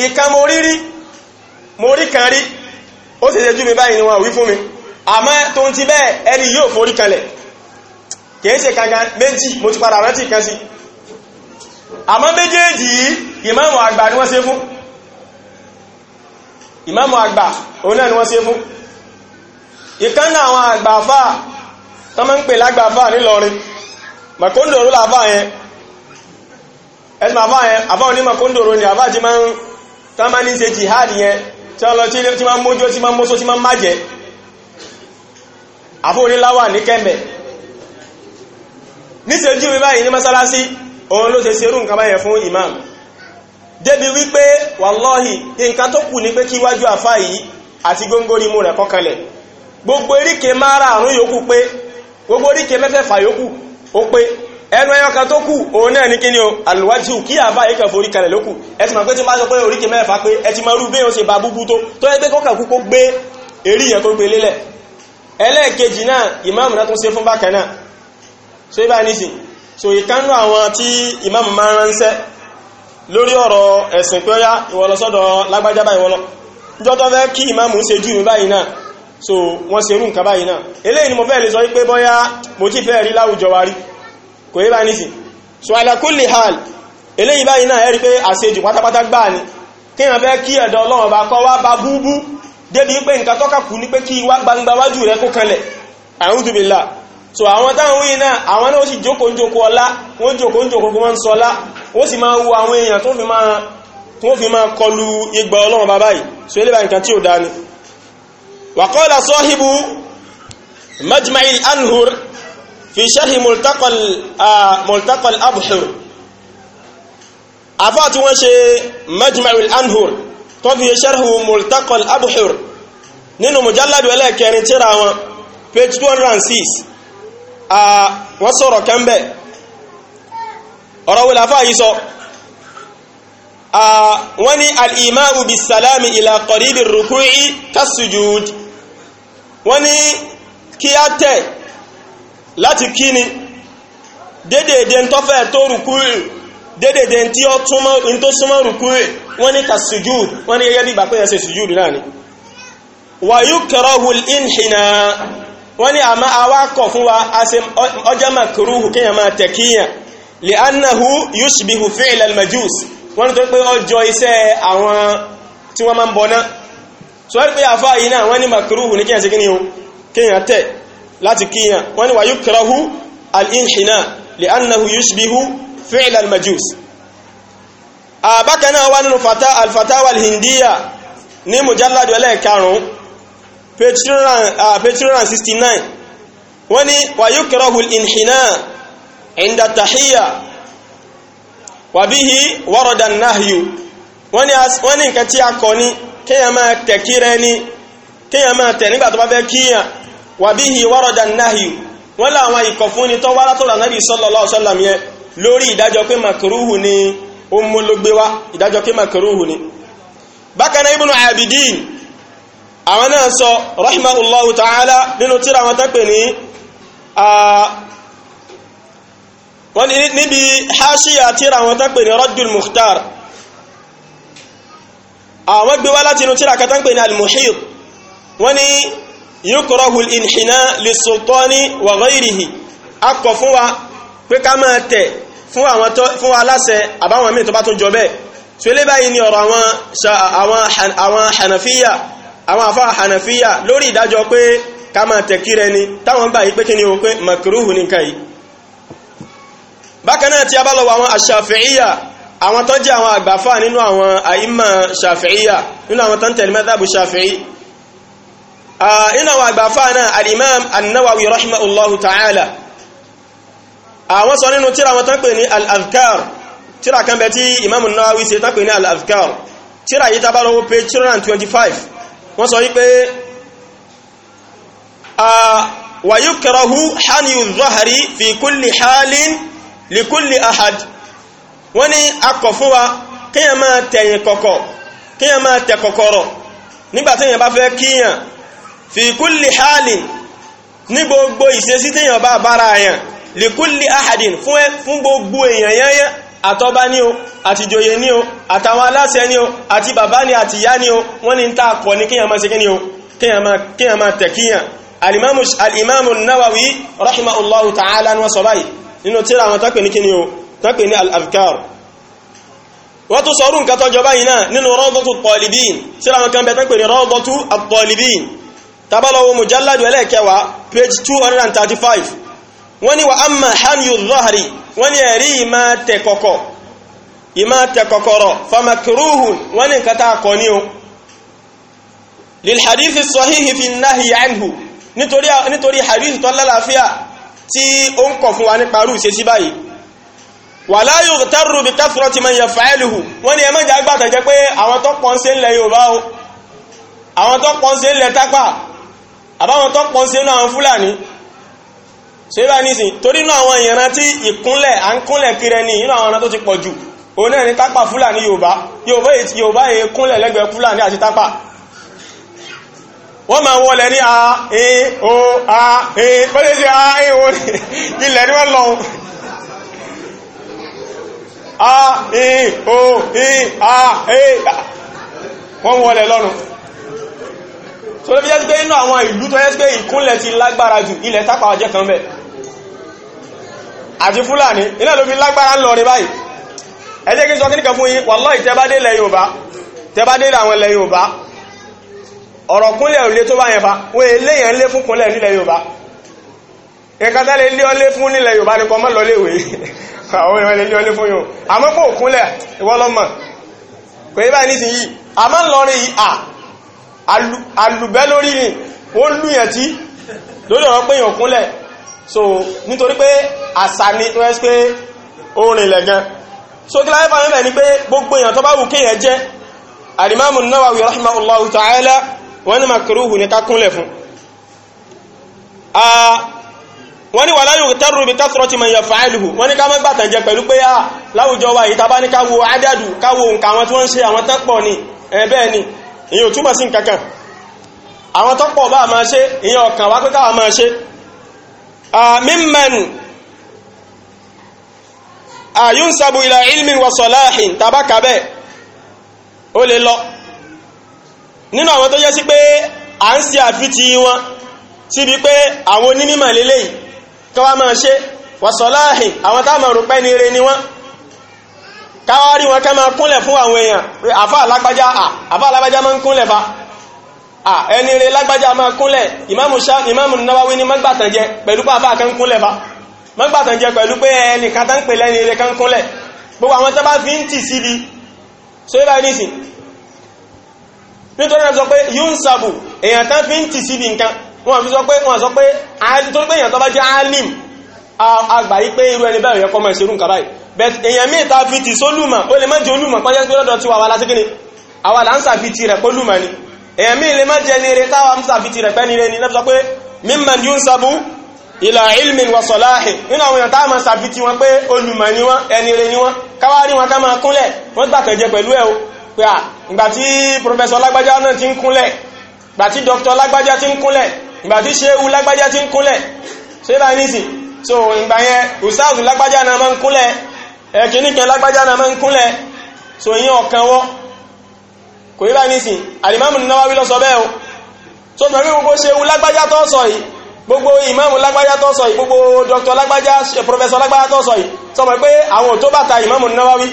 ìkan mo rí rí mo rí kan rí ó sì ṣe jú mi báyìí ni wọn wí fún mi àmọ́ tó ń ti kèése kankan méjì mo ti padà rántí kan sí àmọ́ méjèèjì agba àgbà ni wọ́n ṣe fún ìmáàmù àgbà òun náà ni wọ́n ṣe fún ìkánná àwọn àgbà àfáà tó mọ́ ń pè lágbà àfáà nílọrin mọ̀kóndòrò làfáà yẹn ẹ̀sùn afọ yẹn afọ ní mọ̀kóndòrò ni àfáà ti máa ń tán máa ṣe jihad yẹn tí wọ́n lọ tí máa ń mójó máa ń máa ń májẹ́ ní kẹ́mbẹ̀ẹ́ níṣẹ́jú mi báyìí ní masalasi òun ló ṣe serú nǹkan báyẹn fún imam débi wípé wàlọ́hì nǹkan tó kù ní pé kí wájú àfá yìí àti góngóri mú rẹ̀ kọ́kanlẹ̀ gbogbo eríkè mara àrùn yòókù pé gbogbo eríkè mẹ́fẹ̀fà yòókù ó pé ẹnu ẹyọ kan tó kù òun náà ní kíni o àlùwájú kí àfá yìí kan forí kalẹ̀ lókù ẹ ti mọ̀ pé tí máa sọ so ibà nísìn so ìkánú àwọn tí imam máa ránṣẹ́ lórí ọ̀rọ̀ ẹ̀sìn pé ó yá ìwọlọsọ́dọ̀ lágbájá báyìí wọ́n lọ níjọ́ tó fẹ́ kí imam ṣe júùmù báyìí náà so wọ́n ṣe rú nǹkan báyìí náà eléyìí ni mo fẹ́ lè sọ wípé bọ́yá so ala hal eléyìí báyìí náà ẹ́rí pé àṣejù pátápátá gbà ní kí wọ́n fẹ́ kí ẹ̀dọ̀ ọlọ́run bá kọ́ wá bá búbú débi pé nǹkan tọ́kàkù ní so àwọn táwọn wíyìn náà àwọn náà ó sì jókòó jókòó ọlá wọ́n jókòó jókòó kó máa ń sọlá ó sì máa wo àwọn èèyàn tó fi máa tó fi máa kọlu igba ọlọ́run bàbá yìí so ilé bá nǹkan tí ò dá ni wàkọ́lá sọ́hìbù majma'il anhur fi sharhi multaqal multaqal abhur afọ́ àti wọ́n ṣe majma'il anhur tó fi sharhu multaqal abhur nínú mujalladu ẹlẹ́kẹrin tíra wọn page 206 wọ́n sọ̀rọ̀ kẹ́ńbẹ̀ ọ̀rọ̀ wọlé afá yìí sọ wọ́n ní al'imamu bi salami ila qaribi ruku'i kasujud wọ́n ní kí á tẹ̀ láti kíni dédèdè tọ́fẹ́ tó ruku'i dédèdè tí ó súnmọ́ ruku'i wọ́n ní kasujud wọ́n ní gẹ́gẹ́ bí gbàpẹ́yẹsẹ̀ sujud náà ni wà yukrahu al-inhina wọ́n ní àmá awakọ̀ fún wa ọjọ́ makruhu kíyàn máa tẹ̀kíyàn lè annahu yushbihu fi'l al-majus wọ́n tó pé ọjọ́ iṣẹ́ àwọn tí wọ́n máa ń bọná so wọ́n pé àfá yìí náà wọ́n ní makruhu ní kíyàn sí kí ni kíyàn tẹ̀ láti kíyàn wọ́n ní wa yukrahu al-inhina lè annahu yushbihu fi'l al-majus àbákanáà wá nínú al-fatawa al ní mujalladu ẹlẹ́ẹ̀karùn-ún page 369 uh, wọ́n ní wàyúkẹ́rọ̀hù ìhìnà ìndàtàhíyà wàbíhí wọ́rọ̀dà náhìyù wọ́n ní nǹkan tí a kọ ní kíyà máa tẹ̀ kíra ẹni kíyà máa tẹ̀ nígbà tó bá fẹ́ kíyà wàbíhí wọ́rọ̀dà náhìyù wọ́n láwọn ìkọ̀fúnni tó wá látọ̀dà nábì sallallahu alaihi wasallam yẹn lórí ìdájọ́ pé màkìrúhù ni ó mú ló gbé wá ìdájọ́ pé màkìrúhù ni bákan náà ibùnú àbìdín àwọn náà sọ rahimahullahu ta'ala nínú tíra wọn tán pè ní wọ́n ní níbi haṣíyà tíra wọn tán pè ní Raddul Mukhtar àwọn gbé wá láti inú tíra kan tán pè ní al-Muhit wọ́n ní yukrahu al-inhina lis-sultani wa ghayrihi akọ̀ fún wa pé ká máa tẹ̀ fún wa aláṣẹ àbáwọn míì tó bá tún jọ bẹ́ẹ̀ tí ó lé báyìí ní ọ̀rọ̀ àwọn hànàfíyà àwọn àfá hànàfíyà lórí ìdájọ́ pé ká máa tẹ̀kírẹ ni táwọn báyìí pé kí ni o pé makruhu ní nǹkan yìí bákan náà tí a bá lọ wọ àwọn àṣàfíyà àwọn tó jẹ́ àwọn àgbàfà nínú àwọn àìmọ̀ ṣàfíyà nínú àwọn tó ń tẹ̀lé mẹ́tàbù ṣàfíì nínú àwọn àgbàfà náà al-imam rahimahullahu ta'ala àwọn sọ nínú tíra wọn tán pè ní al tíra kan bẹ tí imam an-nawawi ṣe tán pè ní al-azkar tíra yìí tá bá lọ page 225 wọ́n sọ wípé wàyúkẹrọhú haniyu zọ́hari fi kúlì halin lè kúlì ahad wọ́n ní akọ̀ fún wa kíyàn máa tẹ̀yìn kọ̀kọ̀ kíyàn máa tẹ̀ kọ̀kọ̀rọ̀ nígbàtí èyàn bá fẹ́ kíyàn fi kúlì halin ní gbogbo ìṣesí téyàn bá bára àyàn lè kúlì ahadin fún gbogbo èyàn yányán àtọ́bá ní o àtìjòyè ní o àtàwọn aláṣẹ ní o àti bàbá ní àti ìyá ní o wọ́n ní ta àkọ́ ní kíyàn máa ṣe kí ni o kíyàn máa tẹ̀kíyàn alìmáàmù náwàwí rahimahullahu ta'ala ní wọ́n sọ báyìí nínú tíra al-afkar wọ́n tún sọ̀rọ̀ nǹkan tọ́jọ báyìí náà nínú Rawdatu Talibin tíra àwọn kan bẹ̀ tọ́pẹ̀ ní Rawdatu at-Talibin tabalawo mujalladu ẹlẹ́kẹwàá page 235 wọ́n ni wa wọ́n ní ẹ̀rí ìmá tẹ̀kọ̀kọ̀ ìmá tẹ̀kọ̀kọ̀rọ̀ famakiruhun wọ́n ní nǹkan tá a kọ̀ ní o lilhadithi sahihi fi nahi anhu nítorí nítorí hadithi tó lálàáfíà tí ó ń kọ̀ fún wa nípa rú ìṣesí báyìí wà láyò tẹ́rù bí kásùrọ̀ ti mẹ́yẹ fàáìlìhù wọ́n ní ẹmọ́jà agbátẹ̀ jẹ́ pé àwọn tó pọ̀ ń ṣe ńlẹ̀ Yorùbá o àwọn tó pọ̀ ń ṣe ńlẹ̀ tápà àbáwọn tó pọ̀ ń ṣe náà fúlàní ṣébà nísìn torí inú àwọn ìran tí ìkúnlẹ̀ à ń kúnlẹ̀ kiri ní inú àwọn ọ̀nà tó ti pọ̀ jù òun náà ni tápà fúlàní yorùbá yorùbá yorùbá èyí kúnlẹ̀ lẹ́gbẹ̀ẹ́ fúlàní àti tápà wọ́n máa wọlé ní a e o a e, e o so ló fi jẹ́ sí pé inú àwọn ìlú tó jẹ́ sí pé ìkúnlẹ̀ ti lágbára jù ilẹ̀ tápà jẹ́ kan bẹ́ẹ̀ àti fúlàní iná ló fi lágbára ń lọrin báyìí ẹ jẹ́ kí n sọ kíníkan fún yín wàláhì tẹ́bádé ilẹ̀ Yorùbá tẹ́bádé àwọn ilẹ̀ Yorùbá ọ̀rọ̀ kúnlẹ̀ òlé tó bá yẹn fa wọ́n eléyàn lé fún kúnlẹ̀ nílẹ̀ Yorùbá nǹkan tẹ́lẹ̀ lé ọlé fún nílẹ̀ Yorùbá ní kọ́ mọ́ lọ léwé [LAUGHS] àwọn èèyàn lè lé ọlé fún yóò àmọ́ kò kúnlẹ̀ ìwọ́lọ́mọ̀ kò yí kúnlẹ̀ so nítorí pé àṣà ni tó ẹ́sì pé orin ilẹ̀ gan so kí láyé fàyẹ́ bẹ̀ ni pé gbogbo èèyàn tó bá wù kéèyàn jẹ́ alimamu Nawawi rahimahullahu ta'ala wọ́n ni makruhu ní kákúnlẹ̀ fún wọ́n ní wà láyò tẹ́rù bí kásọ̀rọ̀ ti mọ̀ yẹ fàáìlùhù wọ́n ní ká mọ́ gbàtàn jẹ pẹ̀lú pé á láwùjọ wa yìí àwọn tí wọ́n ń ṣe máa ṣe ìyẹn ọ̀kan wá pé káwà máa ṣe mimman àyúnsabu ilà ilmin wa sọláhìn tabaka bẹ́ẹ̀ ó lè lọ nínú àwọn tó jẹ́ sí pé à ń ṣe àfitì wọn síbi pé àwọn onímọ̀ lélẹ́yìn káwá máa ṣe wa sọláhìn àwọn táwọn rò pẹ́ ni ire ni wọ́n káwá rí wọn ká máa kúnlẹ̀ fún àwọn èèyàn àfá alágbájá àfá alágbájá máa ń kúnlẹ̀ fa ẹni rẹ̀ lágbájá máa kúnlẹ̀ ìmáàmù Nawawi ní mọ́gbàtàn pẹ̀lú pàfá kan kúnlẹ̀ fa mọ́gbàtàn jẹ pẹ̀lú pé ẹni kata ń pè lẹ́ni ilẹ̀ kan kúnlẹ̀ gbogbo àwọn tẹ́bá fi ń tì síbi so yíba ní ìsìn nítorí náà sọ pé yíò ń sàbù èyàn tán fi ń tì síbi nǹkan wọ́n fi sọ pé wọ́n sọ pé torí pé èyàn tó alim àgbà yí pé irú ẹni bẹ́ẹ̀ yẹ kọmọ ìṣerú nǹkan báyìí bẹ́ẹ̀ èyàn míì ta fi tì sólùmọ̀ ó lè má jẹ́ olùmọ̀ kọjá pé lọ́dọ̀ ni àwa là ń sàfitì rẹ̀ pé olùmọ̀ ni èyàn míì ni eré táwa ń sàfitì ìlà ilmin wa sọ̀láhì nínú àwọn èèyàn táàmà sàbí tí wọ́n pé olùmọ̀ ni wọ́n ẹni rẹ̀ ni wọ́n káwà rí wọn ká máa kúnlẹ̀ wọ́n gbàtẹ̀jẹ pẹ̀lú ẹ̀ o pé à ìgbàtí professor lágbájá náà ti ń kúnlẹ̀ ìgbàtí doctor lágbájá ti ń kúnlẹ̀ ìgbàtí sehu lágbájá ti ń kúnlẹ̀ ṣé ní sí so ìgbà yẹn usaz lágbájá náà máa ń kúnlẹ̀ ẹ̀kíníkẹ́ lágbájá náà so ìyẹn ọ̀kan wọ́ kò yí bá alimamu Nawawi lọ sọ so mẹ́rin gbogbo sehu lágbájá gbogbo Imamu lágbájá tó sọ yìí gbogbo dr lágbájá professor lágbájá tó sọ yìí sọmọ pé àwọn tó ta Imamu Nawawi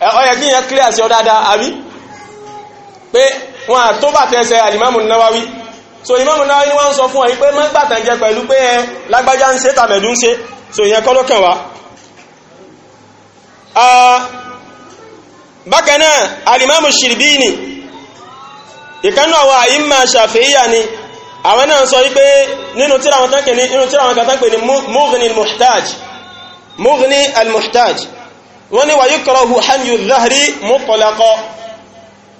ó yẹ kí yẹn clear sí ọ dáadáa àbí pé wọn à tó bàtà ẹsẹ̀ àlìmáàmù Nawawi so ìmáàmù Nawawi wọ́n sọ fún ọ yìí pé má gbàtàn jẹ pẹ̀lú pé ẹ lágbájá ń ṣe tàbẹ̀dú ń so ìyẹn kọ́ ló kàn wá bákan náà àlìmáàmù Shirbini ìkànnà wa ìmà Shafi'iyya ni àwọn náà sọ wípé nínú tíra wọn tán kìíní nínú tíra wọn kan tán pè ní mughni al-muhtaj mughni al-muhtaj wọ́n ní wa yukrahu hanyu dhahri mutlaqa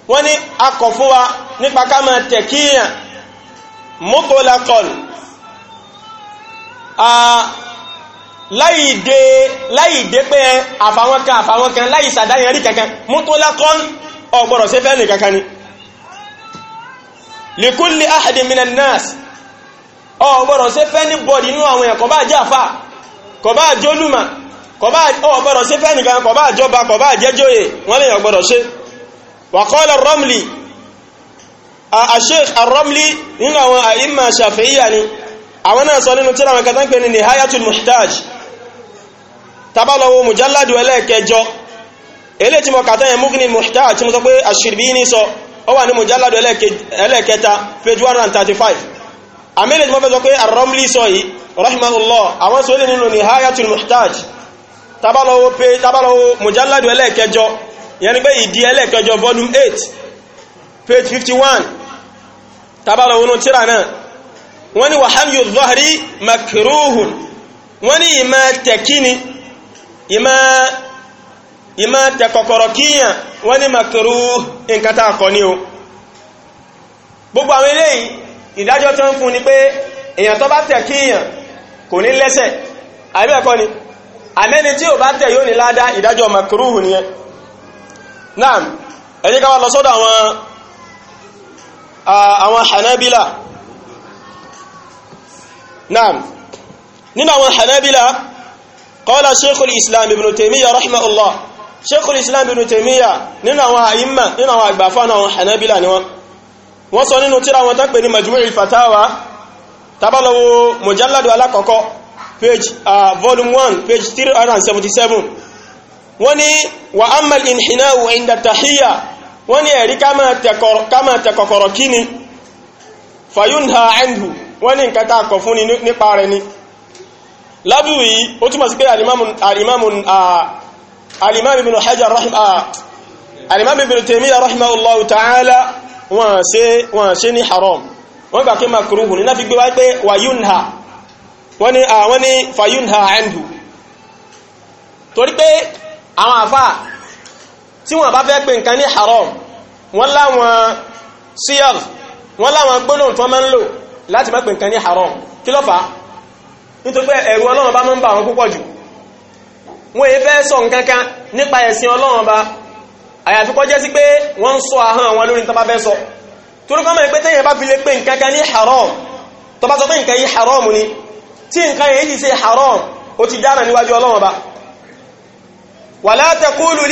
wọ́n ní akọ̀ fún wa nípa ká máa tẹ̀kíyàn mutlaqan láìdé likulli ahadi minan nas ọ̀gbọ̀rọ̀ ṣe fẹ́ ní bọ̀dì inú àwọn èèyàn kọ̀bá àjáfà kọ̀bá àjólùmà ọ̀gbọ̀rọ̀ ṣe fẹ́ nìkan kọ̀bá àjọba kọ̀bá àjẹjòyè wọ́n lèyàn gbọ́dọ̀ ṣe wàkọ́lọ̀ rọ́mlì Sheikh ar-Ramli nínú àwọn àìmà Shafi'iyya ni àwọn náà sọ nínú tíra mẹ́kàtà ń pè ní Nihayatul Muhtaj tabalawo mujalladu ẹlẹ́ẹ̀kẹjọ eléyìí tí ó wà ní mujalladu ẹlẹ́kẹta page 135 àmìlẹ̀ tí wọ́n fẹ́ sọ pé ar-Ramli sọ yìí rahimahullah àwọn sọ nínú Nihayatul Muhtaj tabalawo pé tabalawo mujalladu ẹlẹ́kẹjọ yẹn ni pé ìdí ẹlẹ́kẹjọ volume 8 page 51 tabalawo nù tíra náà wọ́n ni wa hamyu dhahri makruhun wọ́n ni ìmọ̀ tẹ̀kíni ìmọ̀ ìmá tẹ̀kọ̀kọ̀rọ̀ kíyàn wọ́n ní makaru nǹkan tá kọ ní o gbogbo àwọn eléyìí ìdájọ́ tó ń fún ni pé èyàn tó bá tẹ̀ kíyàn kò ní lẹ́sẹ̀ àbí ẹ̀kọ́ ni àmẹ́ni tí ò bá tẹ̀ yóò ní ládá ìdájọ́ makaru nìyẹn naam ẹ jẹ́ ká wá lọ sọ́dọ̀ àwọn ah, àwọn hanabila naam nínú àwọn hanabila qala sheikhul islam ibn taymiyyah rahimahullah Sheikhul Islam Ibn Taymiyyah nínú àwọn àyíma nínú àwọn àgbàfà náà wọn Hanabila ni wọn wọ́n sọ nínú tíra wọn tán pè ní Majmu'ul Fatawa tabalawo mujalladu alakọ̀kọ́ page uh, volume 1 page 377 wọ́n ni wa ammal inhina'u inda tahiyya wọ́n ni ẹ̀rí kama tẹkọ̀kọ̀rọ̀ kí ni fayunha anhu wọ́n ni nǹkan tàkọ̀ fún ni nípa rẹ̀ ni lábúwí ó túnmọ̀ sí pé alimamun uh, alimami bin hajjar rahimah alimami bin taimiyya rahimahullahu ta'ala wọ́n ṣe wọ́n ṣe ní haram wọ́n gbà kí makruhu ní náfi gbé wáyé pé wà yúnha wọ́n ni àwọn ah, ni fa yúnha anhu torí pé àwọn àfá tí wọ́n bá fẹ́ pè nǹkan ní haram wọ́n láwọn síyàr wọ́n láwọn gbónáà tó mẹ́ ń lò láti má pè nǹkan ní haram kí ló fà nítorí pé ẹ̀rù Ọlọ́run bá mọ́ ń bà wọn púpọ̀ jù wọ́n èé fẹ́ sọ nǹkankan nípa ẹ̀sìn ọlọ́run ba àyàfi kó jẹ́ sí pé wọ́n ń sọ ahọ́n wọn lórí tọ́bá fẹ́ sọ torí kọ́ mọ̀ pé tẹ́yẹ bá fi lè pé nǹkankan ní haram tọ́bá sọ pé nǹkan yí haram ni tí nǹkan yìí ṣe haram ó ti dára níwájú ọlọ́run ba wala taqulu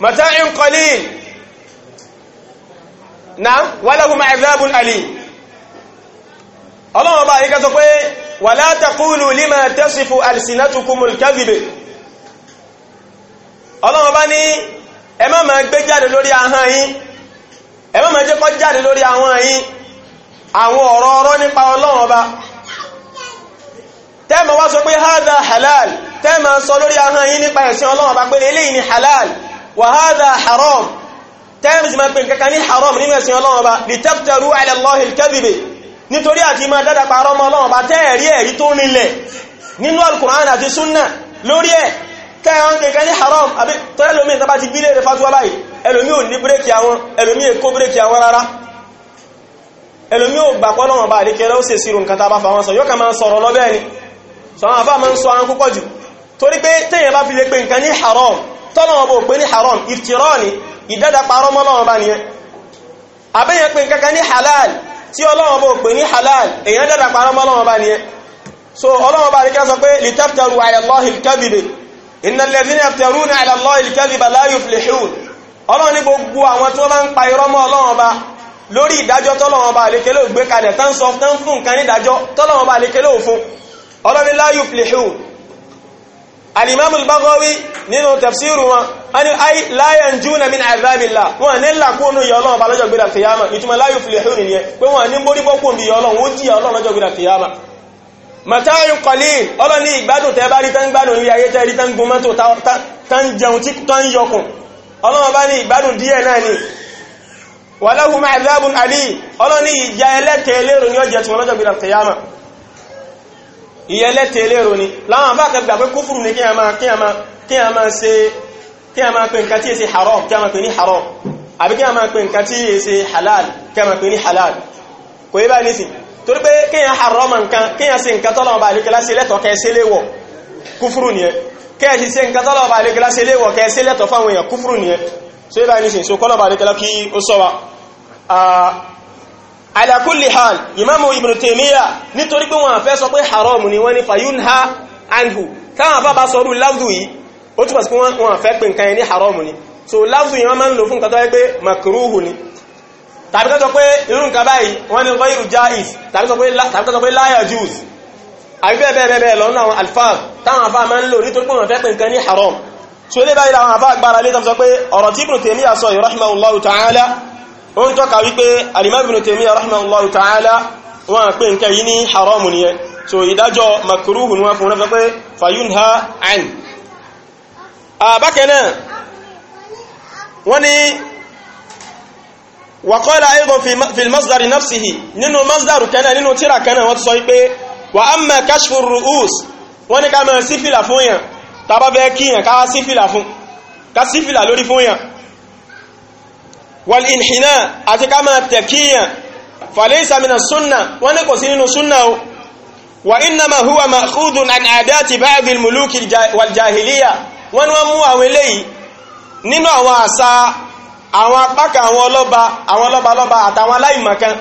mata'in qalil na walahum azabun alim ọlọ́wọ́n bá yíká sọ pé wala taqulu lima tasifu alsinatukumul kadhibe ọlọ́wọ́n bá ní ẹ má ma gbé jáde lórí ahọ́n yín ẹ má ma jẹ́ kó jáde lórí ahọ́n yín àwọn ọ̀rọ̀ ọ̀rọ̀ nípa ọlọ́wọ́n bá tẹ́ẹ̀mọ̀ wá sọ pé hadha halal tẹ́ẹ̀mọ̀ sọ lórí ahọ́n yín nípa ẹ̀sìn ọlọ́wọ́n bá pé eléyìí ni halal wàhádà haram tẹ́rìsì máa pè kankan ní haram nínú ẹ̀sìn ọlọ́run ọba lè tẹ́pùtẹ̀rú àìlẹ́lọ́hìl kẹ́bìbì nítorí àti máa dádà parọ́ mọ́ ọlọ́run ọba tẹ́ẹ̀rí ẹ̀rí tó rinlẹ̀ nínú alukur'an àti súnà lórí ẹ̀ tẹ́ẹ̀rán kankan ní haram àbí tọ́lẹ̀ lómi ìtàbá ti bílẹ̀ rẹ̀ fatuwa báyìí ẹlòmí ò ní bírèkì àwọn ẹlòmí èkó bírèkì àwọn rárá ẹlòmí ò gbà pọ́ lọ́wọ́ bá àdékẹ́rẹ́ ó sì sírò nǹkan tàbá torí pé téèyàn bá fi lè pe nǹkan ní haram tọ́lọ́wọ́ bó pé ní haram ìftirọ́ ni ìdádá parọ́ mọ́ lọ́wọ́ bá nìyẹn àbẹ́yẹn pé nǹkan kan ní halal tí ọlọ́wọ́ bó pé ní halal èyàn dádá parọ́ so ọlọ́wọ́ bá nìkan sọ pé litaftaru ala Allahi al-kadhiba innal ladhina yaftaruna ala Allahi al-kadhiba la yuflihun ọlọ́wọ́ ní gbogbo àwọn tí wọ́n bá ń pa irọ́ mọ́ ọlọ́wọ́ bá lórí ìdájọ́ tọ́lọ́wọ́ bá àlékelé ògbé kalẹ̀ sọ tán alimami al-Baghawi nínú tafsiru wọn a ni ai la yanjuna min azabillah wọn ní làkúnnù yọ́lọ́wọ́ bá lọ́jọ́ gbìdà kìyàmà ìtumọ̀ la yuflihun nìyẹn pé wọn ní mórí bọ́kùn bí yọ́lọ́wọ́ ó jí yọ́lọ́wọ́ lọ́jọ́ gbìdà kìyàmà mata'un qalil ọlọ́ni ìgbádùn tẹ́ bá rí tán gbádùn ilé ayé tẹ́ rí tán gun mọ́tò tán jẹun tí tán yọkùn ọlọ́wọ́ bá ní ìgbádùn díẹ̀ náà ni wa lahum adhabun alim ọlọ́ni ìjà ẹlẹ́tẹ̀ẹ́lérò ni ó jẹ́ tí wọ́n lọ́jọ́ gbìdà kìyàmà ìyẹn lẹ́tẹ̀ elérò ni láwọn àfáàkà gbà pé kúfùrù ní kí a máa kí a máa kí a máa ṣe kí a pè nǹkan tí è ṣe haram kí a máa pè ní haram àbí kí a máa pè nǹkan tí è ṣe halal kí a máa pè ní halal kò yí bá ní sí torí pé kí a haram nǹkan kí a ṣe nǹkan tọ́lọ̀ ọba àlékelá ṣe lẹ́tọ̀ kẹ́ ṣe léwọ̀ kúfùrù nìyẹn kí a sì ṣe nǹkan tọ́lọ̀ ọba àlékelá ṣe léwọ̀ kẹ́ ṣe lẹ́tọ̀ fáwọn èèyàn kúfùrù nìyẹn so yí bá ní sí so kọ́lọ̀ ọba àlékelá kí ó sọ ala kulli hal imamu ibn taymiya nítorí pé wọ́n fẹ́ sọ pé haram ni wọ́n ní fayunha anhu táwọn bá bá sọ rú láwùdù yìí ó túnbà sí pé wọ́n fẹ́ pè nǹkan ní haram ni so láwùdù yìí wọ́n máa ń lò fún nǹkan tó wáyé pé makruhu ni tàbí kọ́ sọ pé irú nǹkan báyìí wọ́n ní ghayru jaiz tàbí kọ́ sọ pé la yajuz àbí bẹ́ẹ̀ bẹ́ẹ̀ bẹ́ẹ̀ lọ́nà àwọn alfáà táwọn afá máa ń lò nítorí pé wọ́n fẹ́ pè nǹkan ní haram so ilé báyìí làwọn afá gbára lé tàbí sọ pé ọ̀rọ̀ tí ibn taymiya sọ rahimahullahu ta'ala ó ń tọ́ka wípé al-Imam Ibn Taymiyyah rahimahullahu ta'ala wọ́n pè nǹkan yìí ní haramu ni ẹ so ìdájọ́ makruhu ni wọ́n fún rẹ́fẹ́ pé fayunha an àbákẹ́nà wọ́n ni wa qala aydan fil masdari nafsihi nínú masdaru kẹ́nà nínú tíra kẹ́nà wọ́n ti sọ wípé wa amma kashfu ru'us wọ́n ni ká mọ̀ sífìlà fún yàn tàbá kíyàn ká sífìlà lórí fún yàn wal inhina àti ká máa tẹ̀kíyàn falaysa mina súnà wọ́n ní kò sí nínú súnà o wa innama huwa ma'khudun an adati ba'd al muluki wal jahiliya wọ́n wọ́n mú àwọn eléyìí nínú àwọn àṣà àwọn apákà àwọn ọlọ́ba àwọn ọlọ́ba lọ́ba àtàwọn aláìmọ̀kan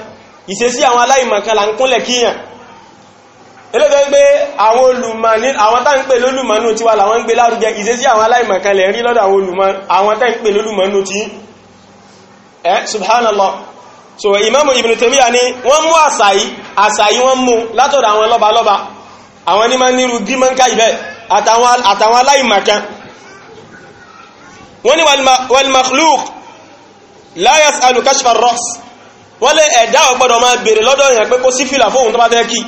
ìṣesí àwọn aláìmọ̀kan là ń kúnlẹ̀ kíyàn eléyìí pé àwọn olùmọ̀ ní àwọn tá ń pè lólùmọ̀ nù tiwa làwọn ń gbé lárugẹ ìṣesí àwọn aláìmọ̀kan lẹ̀ rí lọ́dọ̀ àwọn olùmọ̀ àwọn tá eh subhanallah so imam ibn taymiya ni wọ́n mú àṣàyí àṣàyí wọ́n mú látọ̀dọ̀ àwọn lọ́ba lọ́ba àwọn ní máa nírú gímọ́nká ìbẹ́ àtàwọn aláìmọ̀kan wọ́n ni wal makhluq la yas'alu kashfa ar-ra's wọ́n lè ẹ̀dá ò gbọ́dọ̀ máa bèèrè lọ́dọ̀ èèyàn pé kó sí fìlà fóhun tó bá fẹ́ kí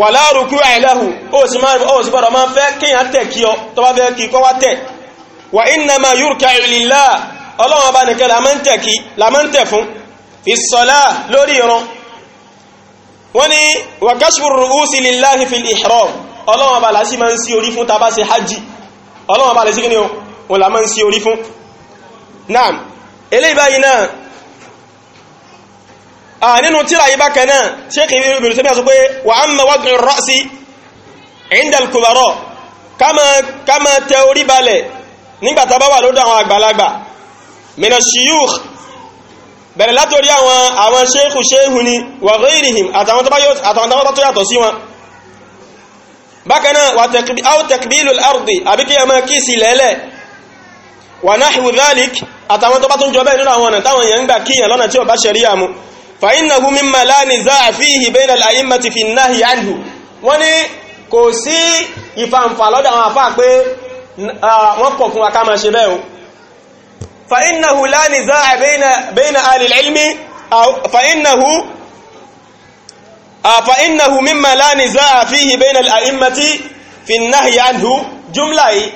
wà láàrù kí àìlẹ́hù ó sì gbọ́dọ̀ máa fẹ́ kíyàn tẹ̀ kí ọ tó bá fẹ́ kí kọ́ wá tẹ̀ wà innama yurka'u lillah ọlọ́run ọba nìkan lamẹ́ntẹ̀kí lamẹ́ntẹ̀ fún fi sọ́lá lórí ìran wọ́n ni wàkásùrù rúúsì lillahi fil ihram ọlọ́run ọba lásì máa ń sí orí fún tàbá sí hajji ọlọ́run ọba lásì kí ni wọ́n la máa ń sí orí fún naam eléyìí báyìí náà a nínú tíra yìí bákan náà sheikh ibn tẹ́bí àti pé àwọn àgbàlagbà mina shiyukh bẹ̀rẹ̀ látorí àwọn àwọn ṣéhù ṣéhù ni wà ghairihim àtàwọn tó yàtọ̀ sí wọn bákanáà wà tẹ̀kbílù al'ardi àbí kí a máa kí sí lẹ́lẹ̀ wà nahwu dhalik àtàwọn tó bá tún jọ bẹ́ẹ̀ nínú àwọn ọ̀nà táwọn yẹn ń gbà kíyàn lọ́nà tí ó bá ṣẹ̀ríyà mu fa innahu mimma la nizaa fihi bayna al-a'immati fi an-nahyi wọ́n ní kò sí ìfàǹfà lọ́dọ̀ àwọn àfáà pé wọ́n pọ̀ fún wa ṣe bẹ́ẹ̀ فإنه لا نزاع بين بين أهل العلم أو فإنه فإنه مما لا نزاع فيه بين الأئمة في النهي عنه جملة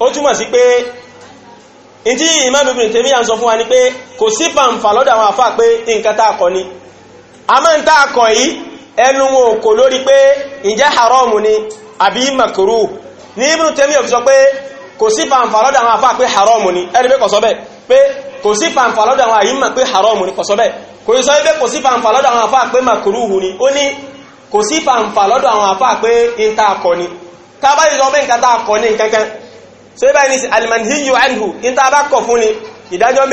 ó túmọ̀ sí pé ìdí Imam Ibn Taymiyyah sọ fún wa ní pé kò sí fàǹfà lọ́dọ̀ àwọn àfáà pé nǹkan tá a kọ ni a máa ń tá a kọ yìí ẹnu wọn kò lórí pé ǹjẹ́ haram ni àbí makruh ní Ibn Taymiyyah sọ pé kò sí fàǹfà lọ́dọ̀ àwọn àfáà pé haram ni ẹni pé kò sọ bẹ́ẹ̀ pé kò sí fàǹfà lọ́dọ̀ àwọn àyíma pé haram ni kò sọ bẹ́ẹ̀ kò sọ pé kò sí fàǹfà lọ́dọ̀ àwọn àfáà pé makruhu ni ó ní kò sí fàǹfà lọ́dọ̀ àwọn àfáà pé ìta akọ ni tá a bá yìí lọ bẹ́ẹ̀ nǹkan tá a kọ ní nǹkankan so ibà ìdájọ́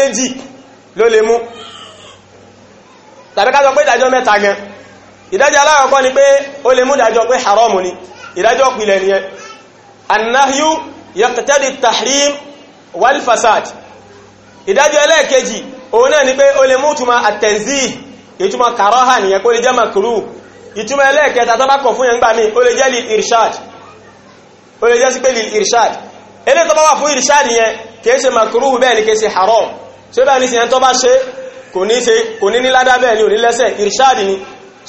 méjì ni pé annahyu yaqtadi tahrim wal fasad ìdájọ́ ẹlẹ́ẹ̀kejì òun náà ni pé o lè mú túnmà àtẹ̀nzí ìtumọ̀ kàrọ́hà nìyẹn kó lè jẹ́ makru ìtumọ̀ ẹlẹ́ẹ̀kẹta tó bá kọ̀ fún yẹngbà mi o lè jẹ́ lil irshad o lè jẹ́ sí pé lil irshad ilé tó bá wà fún irshad yẹn kìí ṣe makru bẹ́ẹ̀ ni kìí ṣe haram ṣé bẹ́ẹ̀ ni sì yẹn tó bá ṣe kò ní ládá bẹ́ẹ̀ ni ò ní lẹ́sẹ̀ irshad ni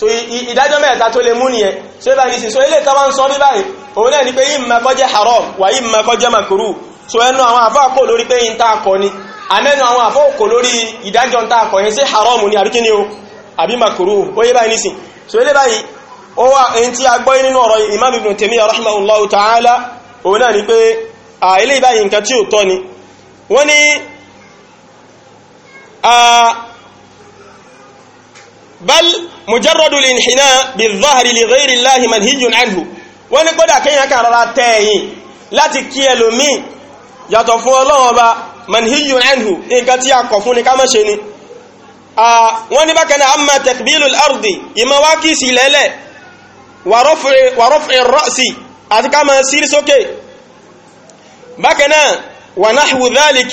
so ìdájọ́ mẹ́ta tó lè mú nìyẹn so ibà ní sí so ilé ìta máa ń sọ bí báyìí òun náà ni pé yìí máa kó jẹ́ haram wà yìí máa jẹ́ makuru so ẹnu àwọn àfọ́ lórí pé yìí ń ni àmẹ́nu àwọn àfọ́ lórí ìdájọ́ ń yẹn sí haram ni o àbí makuru ó yé báyìí so ilé báyìí ó wà tí a gbọ́ nínú ọ̀rọ̀ Imam bal mujarradu linhina bizahari li ghayri llahi manhijun anhu wọ́n ní kódà kéèyàn kan rọra tẹ́ ẹ̀yìn láti kí ẹlòmíì yàtọ̀ fún Ọlọ́run Ọba manhijun anhu nǹkan tí a kọ̀ fún ni ká má ṣe ni wọ́n ní bákan náà amma takbilul ardi ìmọ̀ wá kí sí lẹ́lẹ̀ wa raf'i ra'si àti ká máa sírí sókè bákan náà wa nahwu dhalik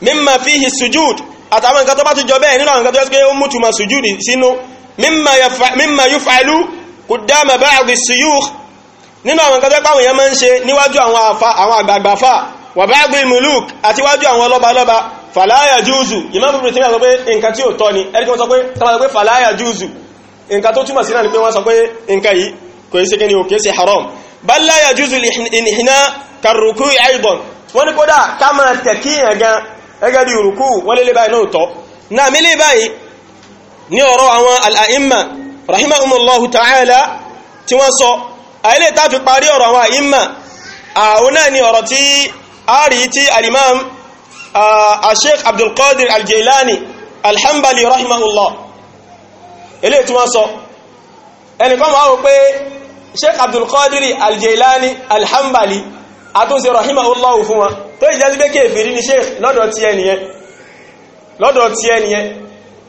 mimma fihi sujud àtàwọn nǹkan tó bá tún jọ bẹ́ẹ̀ nínú àwọn nǹkan tó yẹ pé ó mú túmọ̀ sùjúdì sínú mimma yuf'alu qudama ba'd as-suyukh nínú àwọn nǹkan tó yẹ pé máa ń ṣe níwájú àwọn àgbààgbà fà wa ba'd al-muluk àti wájú àwọn ọlọ́balọ́ba fala yajuzu Imam tí wọ́n ni kódà ká máa tẹ̀kíyàn gẹ́gẹ́ bí rùkú wọ́n lélé báyìí náà tọ́ náà mílé báyìí ní ọ̀rọ̀ àwọn al'a'imma rahimahumullahu ta'ala tí wọ́n sọ àílẹ̀ tá fi parí ọ̀rọ̀ àwọn àìmà àwọn náà ni ọ̀rọ̀ tí a rí tí al-imam al-sheikh abdulkadir al alhambali rahimahullah àtúnṣe rahimahullahu fún wọn tó ìjẹ́ sí pé kéèfèrí ní sheikh lọ́dọ̀ ti ẹniyẹn lọ́dọ̀ ti ẹniyẹn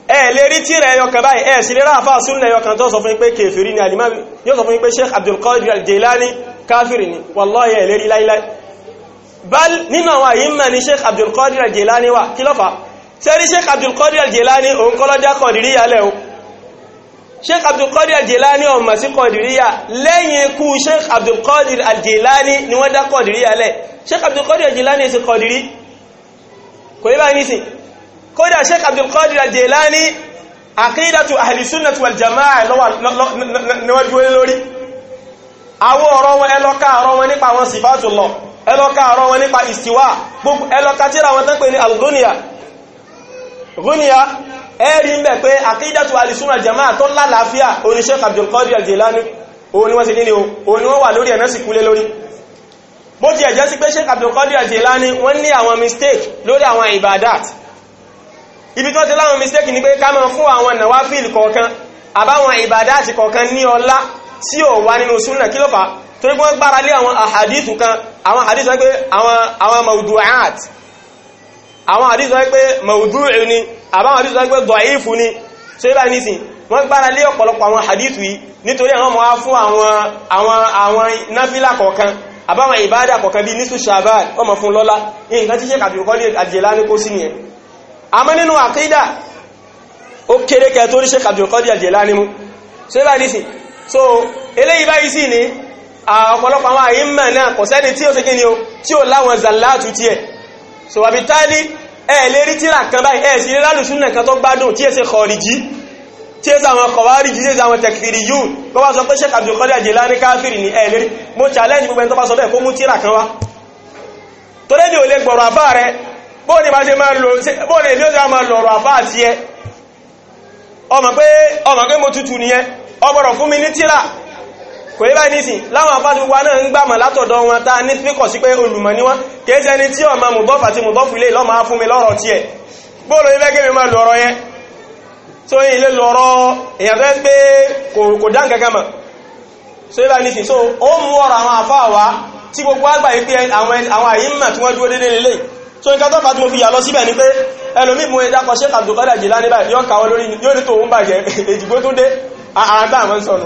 ẹ lè rí tí rẹ̀ yọkàn báyìí ẹ sì lè rá àfáà súnnà yọkàn tó sọ fún pé kéèfèrí ni alimami yóò sọ fún pé sheikh abdulkadir al-jailani káfìrì ni wallahi ẹ lè rí láíláí bal nínú àwọn àyíma ni sheikh abdulkadir sheikh abdulkadir aljilani ọmọ sí kọdìríyà lẹ́yìn ikú sheikh abdulkadir aljilani ni wọ́n dá kọdìríyà lẹ̀ sheikh abdulkadir aljilani sí kọdìrí kò yíba ní sí kódà sheikh abdulkadir aljilani àkídàtù ahìlìsúnnàtù aljama'a níwájú lórí àwọn ọ̀rọ̀ wọn ẹlọ́ka ọ̀rọ̀ wọn nípa àwọn sifatullah ẹlọ́ka ọ̀rọ̀ wọn nípa istiwa gbogbo ẹlọ́ka tíra wọn tán pè ní alghunia ẹ̀rí ń bẹ̀ pé àkídàtù alìsúnà jama'a tó lálàáfíà oní Sheikh Abdul Qadir Al-Jilani òní wọ́n ṣe gíní òní wọ́n wà lórí ẹ̀mẹ́sì kúlé lórí bó ti ẹ̀jẹ́ sí pé Sheikh Abdul Qadir Al-Jilani wọ́n ní àwọn mistake lórí àwọn ibadat ibi tó ti láwọn mistake ni pé ká máa fún àwọn nawafil kọ̀ọ̀kan àbáwọn ibadat kọ̀ọ̀kan ní ọlá tí ò wá nínú súnà kí ló fà torí pé wọ́n gbára lé àwọn àhàdìtù kan àwọn àhàdìtù wọ́n pé àwọn maudu'at àwọn àhàdìtù wọ́n pé maudu'u ni àbáwọn àdìsù tó gbẹ́gbọ́ àyífù ni so ibà nísìn wọ́n gbára lé ọ̀pọ̀lọpọ̀ àwọn àdìsù yìí nítorí àwọn ọmọ wa fún àwọn náfílà kọ̀ọ̀kan àbáwọn ìbádà kọ̀ọ̀kan bí nísù shabad ọmọ fún lọ́lá nǹkan tí sẹ́kà bìrùkọ́ lè àjẹ́lá ní kó sí nìyẹn àmọ́ nínú àkídà ó kéré kẹ tó rí sẹ́kà bìrùkọ́ lè àjẹ́lá so ibà nísìn so ni ọ̀pọ̀lọpọ̀ àwọn àyímọ̀ náà kò sẹ́ni tí ó sì kí ni o tí ó láwọn zàlátù ẹ lè rí tíra kan báyìí ẹ sì lè rálùsùn nìkan tó gbádùn tí ẹ ṣe kọ̀ọ̀rìjì tí ẹ ṣe àwọn kọ̀wárìjì tí ẹ ṣe àwọn tẹ̀kìrì yìí kọ́ bá sọ pé Sheikh Abdul Qadir Jilani ni ẹ lè rí challenge gbogbo ẹni tó bá sọ bẹ́ẹ̀ kó mú tíra kan wá torí mi ò lè gbọ̀rọ̀ àfá rẹ bóòlù ìbá ṣe máa lò bóòlù èmi ó ṣe máa lọ̀rọ̀ àfá àti ẹ ọmọ pé kò yí báyìí nísìn láwọn àfáàdù wa náà ń gbàmọ̀ látọ̀dọ̀ wọn ta ní pípọ̀ sí pé olùmọ̀ ní wọn kìí ṣe ẹni tí ọmọ mùbọ́fà àti mùbọ́fù ilé lọ́mọ á fún mi lọ́rọ̀ so yí báyìí nísìn so ó mú ọ̀rọ̀ àwọn àfáà tí gbogbo àgbà yìí pé so nǹkan tó fà tí mo fi yà lọ síbẹ̀ ni pé ẹlòmíì mú ẹdá kan ṣe kàdùkọ́dà jìlá níbà yóò kàwọ́ lórí yóò ní tòun bàjẹ́ [LAUGHS] èjìgbó tó dé àràgbà àwọn sọnù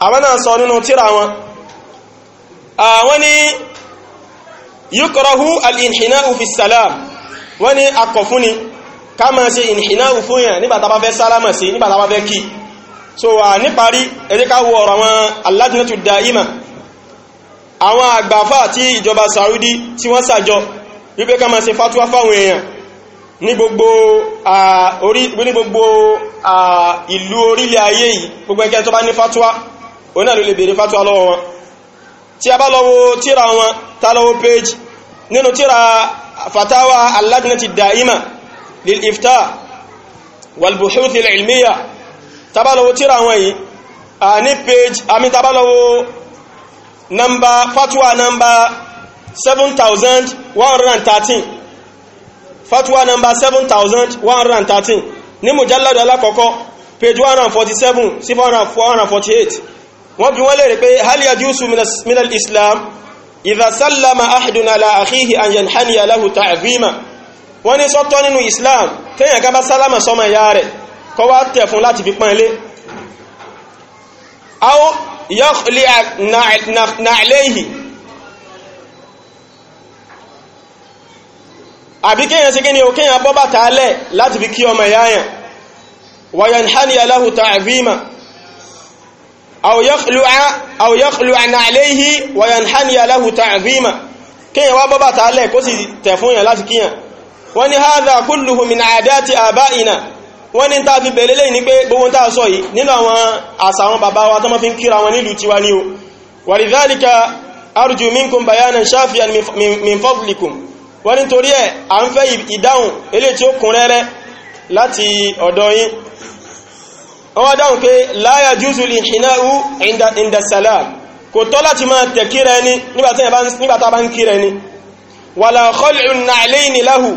àwọn náà sọ nínú tíra wọn wọ́n ni yukrahu al-inhina'u fi salam wọ́n ni akọ̀fúnni ká máa ṣe inhina'u fún yàn nígbàtà fẹ́ sálámà sí nígbàtà fẹ́ kí so wà níparí ẹ jẹ́ ká wo ọ̀rọ̀ wọn al-lajnatu da'ima àwọn àgbàfà tí ìjọba Saudi tí wọ́n sàjọ wípé ká máa ṣe fatuwa fáwọn èèyàn ní gbogbo orí ní gbogbo ìlú orílẹ̀ ayé yìí gbogbo ẹgbẹ́ tó bá ní fatuwa oní àlò lè bèèrè fatuwa lọ́wọ́ wọn tí a bá lọ wo tíra wọn tá lọ wo page nínú tíra fatawa aladinati daima lil ifta walbuhuthi ilmiya tá bá lọ wo tíra wọn yìí a ní page àmì tá bá lọ wo nọ́mbà fatuwa nọ́mbà 7113 fatuwa nọ́mbà 7113 ní mujalladu alákọ̀ọ́kọ́ page 147 sí 448 wọ́n bi wọ́n léèrè pé hal yajusu min al-islam idha sallama ahadun ala akhihi an yanhaniya lahu ta'zima wọ́n ní sọ́tọ́ nínú islam kéèyàn ká bá sálámà sọmọ ìyá rẹ̀ kọ́ wá tẹ̀ fún láti fi pọ́n ilé aw yakhli'a na'layhi àbí kéèyàn sí kíni o kéèyàn bọ́ bàtà láti fi kí ọmọ ìyá yẹn wa yanhaniya lahu ta'zima aw yakhlu'a aw yakhlu'a na alayhi wa yanhaniya lahu ta'zima kíyàn wá bọ́bà tààlẹ̀ kó sì tẹ̀ fún yàn láti kíyàn wọ́n ni hadha kulluhu min àdáti àbáìna wọ́n ni tàbí bẹ̀rẹ̀ lẹ́yìn ní pé gbogbo tàà sọ yìí nínú àwọn àṣà àwọn bàbá wa tó mọ́ fi ń kíra wọn nílùú tiwa ní wọ́n dáhùn pé láyà jùsù lè ṣìnáhù ìndàsàlá kò tọ́ láti máa tẹ̀ kíra ẹni nígbàtà bá ń kíra ẹni wà láàkọ́lù nàílẹ́ ìníláhù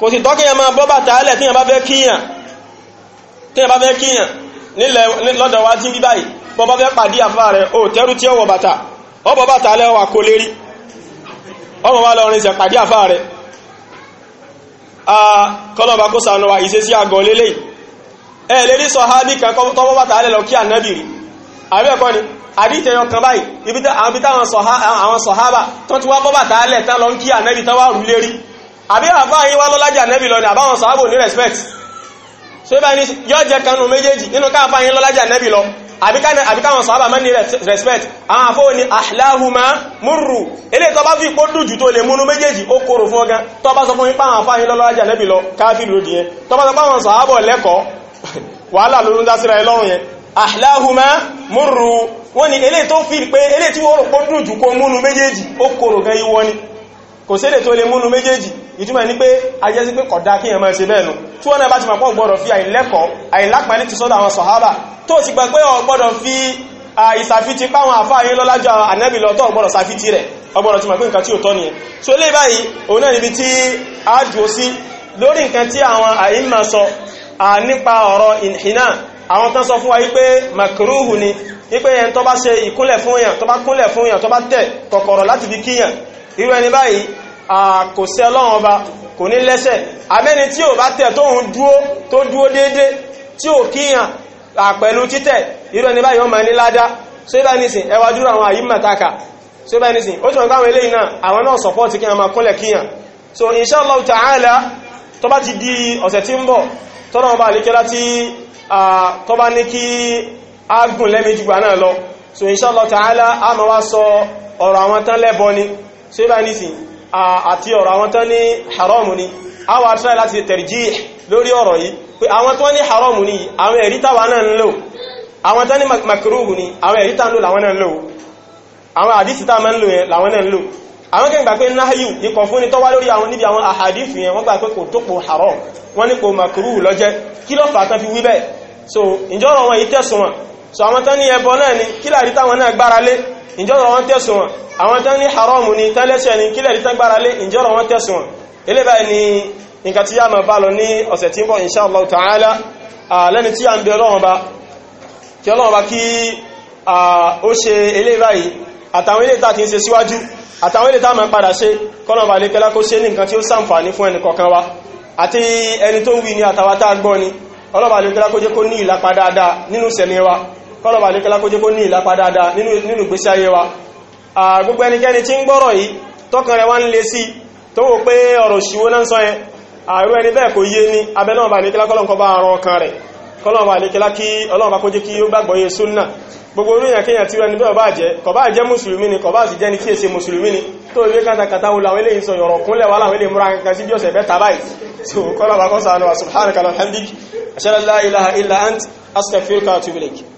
kò sì tọ́ kíyàn máa bọ́bà tààlẹ̀ tí yàn bá fẹ́ kíyàn lọ́dọ̀ wá tí bíbáyì bọ́ bá fẹ́ pàdí àfá rẹ̀ ó tẹ́rù tí ó wọ bàtà ọ bọ́ bàtà alẹ́ wà kó lérí ọmọ wá lọrin wa ìṣesí àgọ́ lélẹ́yìí ẹ lè rí sọ̀hábí kan tọ́wọ́ bàtà alẹ́ lọ kí ànábì rí ni àdíjẹ yọ kan báyìí ibi táwọn sọ̀hábà tó ti wá bọ́ bàtà alẹ́ tán lọ ń kí ànábì tán wá rú lérí àbí àfáà ni respect so ibà ní yọ jẹ kanú méjèèjì nínú káàfáà yín lọ́lájà ànábì lọ àbí káwọn sọ̀hábà mẹ́ respect àwọn ni àhìláhùmá múrù eléyìí tó bá fi ipò dùjù tó lè múnú méjèèjì ó kòrò fún ọgán tó bá sọ fún ipá àwọn àfáà yín lọ́lájà ànábì lọ lẹ́kọ̀ọ́ wàhálà ló ń dá síra ẹlọ́run yẹn àhìláhùmá múrù wọ́n ni elé tó fi pé elé tí wọ́n pọ́ dùn jù kó múnu méjèèjì ó kòrò gan iwọ ni kò sédè tó lè múnu méjèèjì ìtumọ̀ ní pé ajẹ́ sí pé kódà kí èèyàn máa ṣe bẹ́ẹ̀ nù tí wọ́n náà bá ti máa pọ̀ gbọ́dọ̀ fi àìlẹ́kọ̀ọ́ àìlápàálẹ̀ ti sọ́dọ̀ àwọn sàhábà tó sì gbà pé o gbọ́dọ̀ fi ìsàfitì páwọn àfáàyé lọ́lájọ́ ànẹ́bì lọ́tọ́ o gbọ́dọ̀ sàfitì rẹ̀ o gbọ́dọ̀ ti mọ̀ pé nǹkan tí ò tọ́ nìyẹn so eléyìí báyìí òun náà níbi tí a dùn sí lórí nǹkan tí àwọn àìmọ̀ sọ a nípa ọ̀rọ̀ ìhìnà àwọn tán sọ fún wa wípé makruhu ni wípé ẹn tó bá ṣe ìkúnlẹ̀ fún yàn tó bá kúnlẹ̀ fún yàn tó bá tẹ̀ kọ̀kọ̀rọ̀ láti fi kíyàn irú ẹni báyìí kò sí ọlọ́run ọba kò ní lẹ́sẹ̀ abẹ́ni tí ò bá tẹ̀ tóhun dúó tó dúó déédé tí ò kíyàn pẹ̀lú títẹ̀ irú ẹni báyìí wọ́n máa ní ládá so ibà nísìn ẹwà dúró àwọn àyí mẹ́taka so ibà nísìn ó ti mọ̀ káwọn eléyìí náà àwọn náà sọ̀pọ̀ ti kí máa kúnlẹ̀ kíyàn so inshallah ta'ala tó bá ti di ọ̀sẹ̀ tí ń bọ̀ tọ́nà ọba àlékẹ́lá tí tó bá ní kí ágùn lẹ́mẹ́jìgbà náà lọ so inshallah ta'ala a ma wá sọ ọ̀rọ̀ àwọn tán lẹ́bọ ni so ibá ní sí àti ọ̀rọ̀ àwọn tán ní haramu ni a wà try láti tẹ̀rìjí lórí ọ̀rọ̀ yìí pé àwọn tán ní haramu ni àwọn ẹ̀rí táwa náà ń lò àwọn tán ní ni àwọn ẹ̀rí táwa náà ń àwọn kẹ́ gbà pé náhíyù ikọ̀ fún ní tọ́wá lórí àwọn níbi àwọn àhàdífì yẹn wọ́n gbà pé kò tó pò haram wọ́n ní pò makruhu lọ́jẹ́ kí ló fà tán fi wí bẹ́ẹ̀ so ìjọ́rọ̀ wọn yìí tẹ̀sùn wọn so àwọn tán ní ẹbọ náà ni kí láàrí táwọn náà gbára lé ìjọ́rọ̀ wọn tẹ̀sùn wọn àwọn tán ní haram ni tán lẹ́sẹ̀ ni kí láàrí tán gbára lé ìjọ́rọ̀ wọn tẹ̀sùn wọn ilé báyìí ni nǹkan tí yá máa bá lọ ní ọ̀sẹ̀ tí ń bọ̀ insha Allah ta'ala lẹ́ni tí a ń bẹ ọlọ́run ba kí ọlọ́run ba kí ó ṣe ilé báyìí àtàwọn ilé ìta ti ń ṣe síwájú àtàwọn ilé táàmà padà ṣe kọ́nàbà ní kẹ́lá kó ṣe ní nǹkan tí ó sàǹfàní fún ẹnì kọ̀ọ̀kan wa àti ẹni tó ń wí ní àtàwátá gbọ́ ni kọ́nàbà ní kẹ́lá kó jẹ́ kó ní ìlapa dáadáa nínú sẹ̀mí wa kọ́nàbà ní kẹ́lá kó jẹ́ kó ní ìlapa dáadáa nínú ìgbésí ayé wa gbogbo ẹnikẹ́ni tí ń gbọ́rọ̀ yìí tọ́kàn rẹ̀ wá ń le sí tó wò pé ọ̀rọ̀ ṣìwó náà sọ yẹn àrú ẹni bẹ́ẹ̀ kò yé ní abẹ́ náà gbogbo oníyàn kíyàn tí wọ́n ní bẹ́ẹ̀ bá jẹ́ kọ̀bá jẹ́ mùsùlùmí ni kọ̀bá sì jẹ́ ní kí èsè mùsùlùmí ni tó ilé kátàkátà wọ́n láwọn eléyìn sọ yọ̀rọ̀ kúnlẹ̀ wà láwọn eléyìn múra kankan sí bí ọ̀sẹ̀ bẹ́ẹ̀ tàbáyì so kọ́lọ̀ bá kọ́ sànù wa subhanaka wa hamdik ashhadu an la ilaha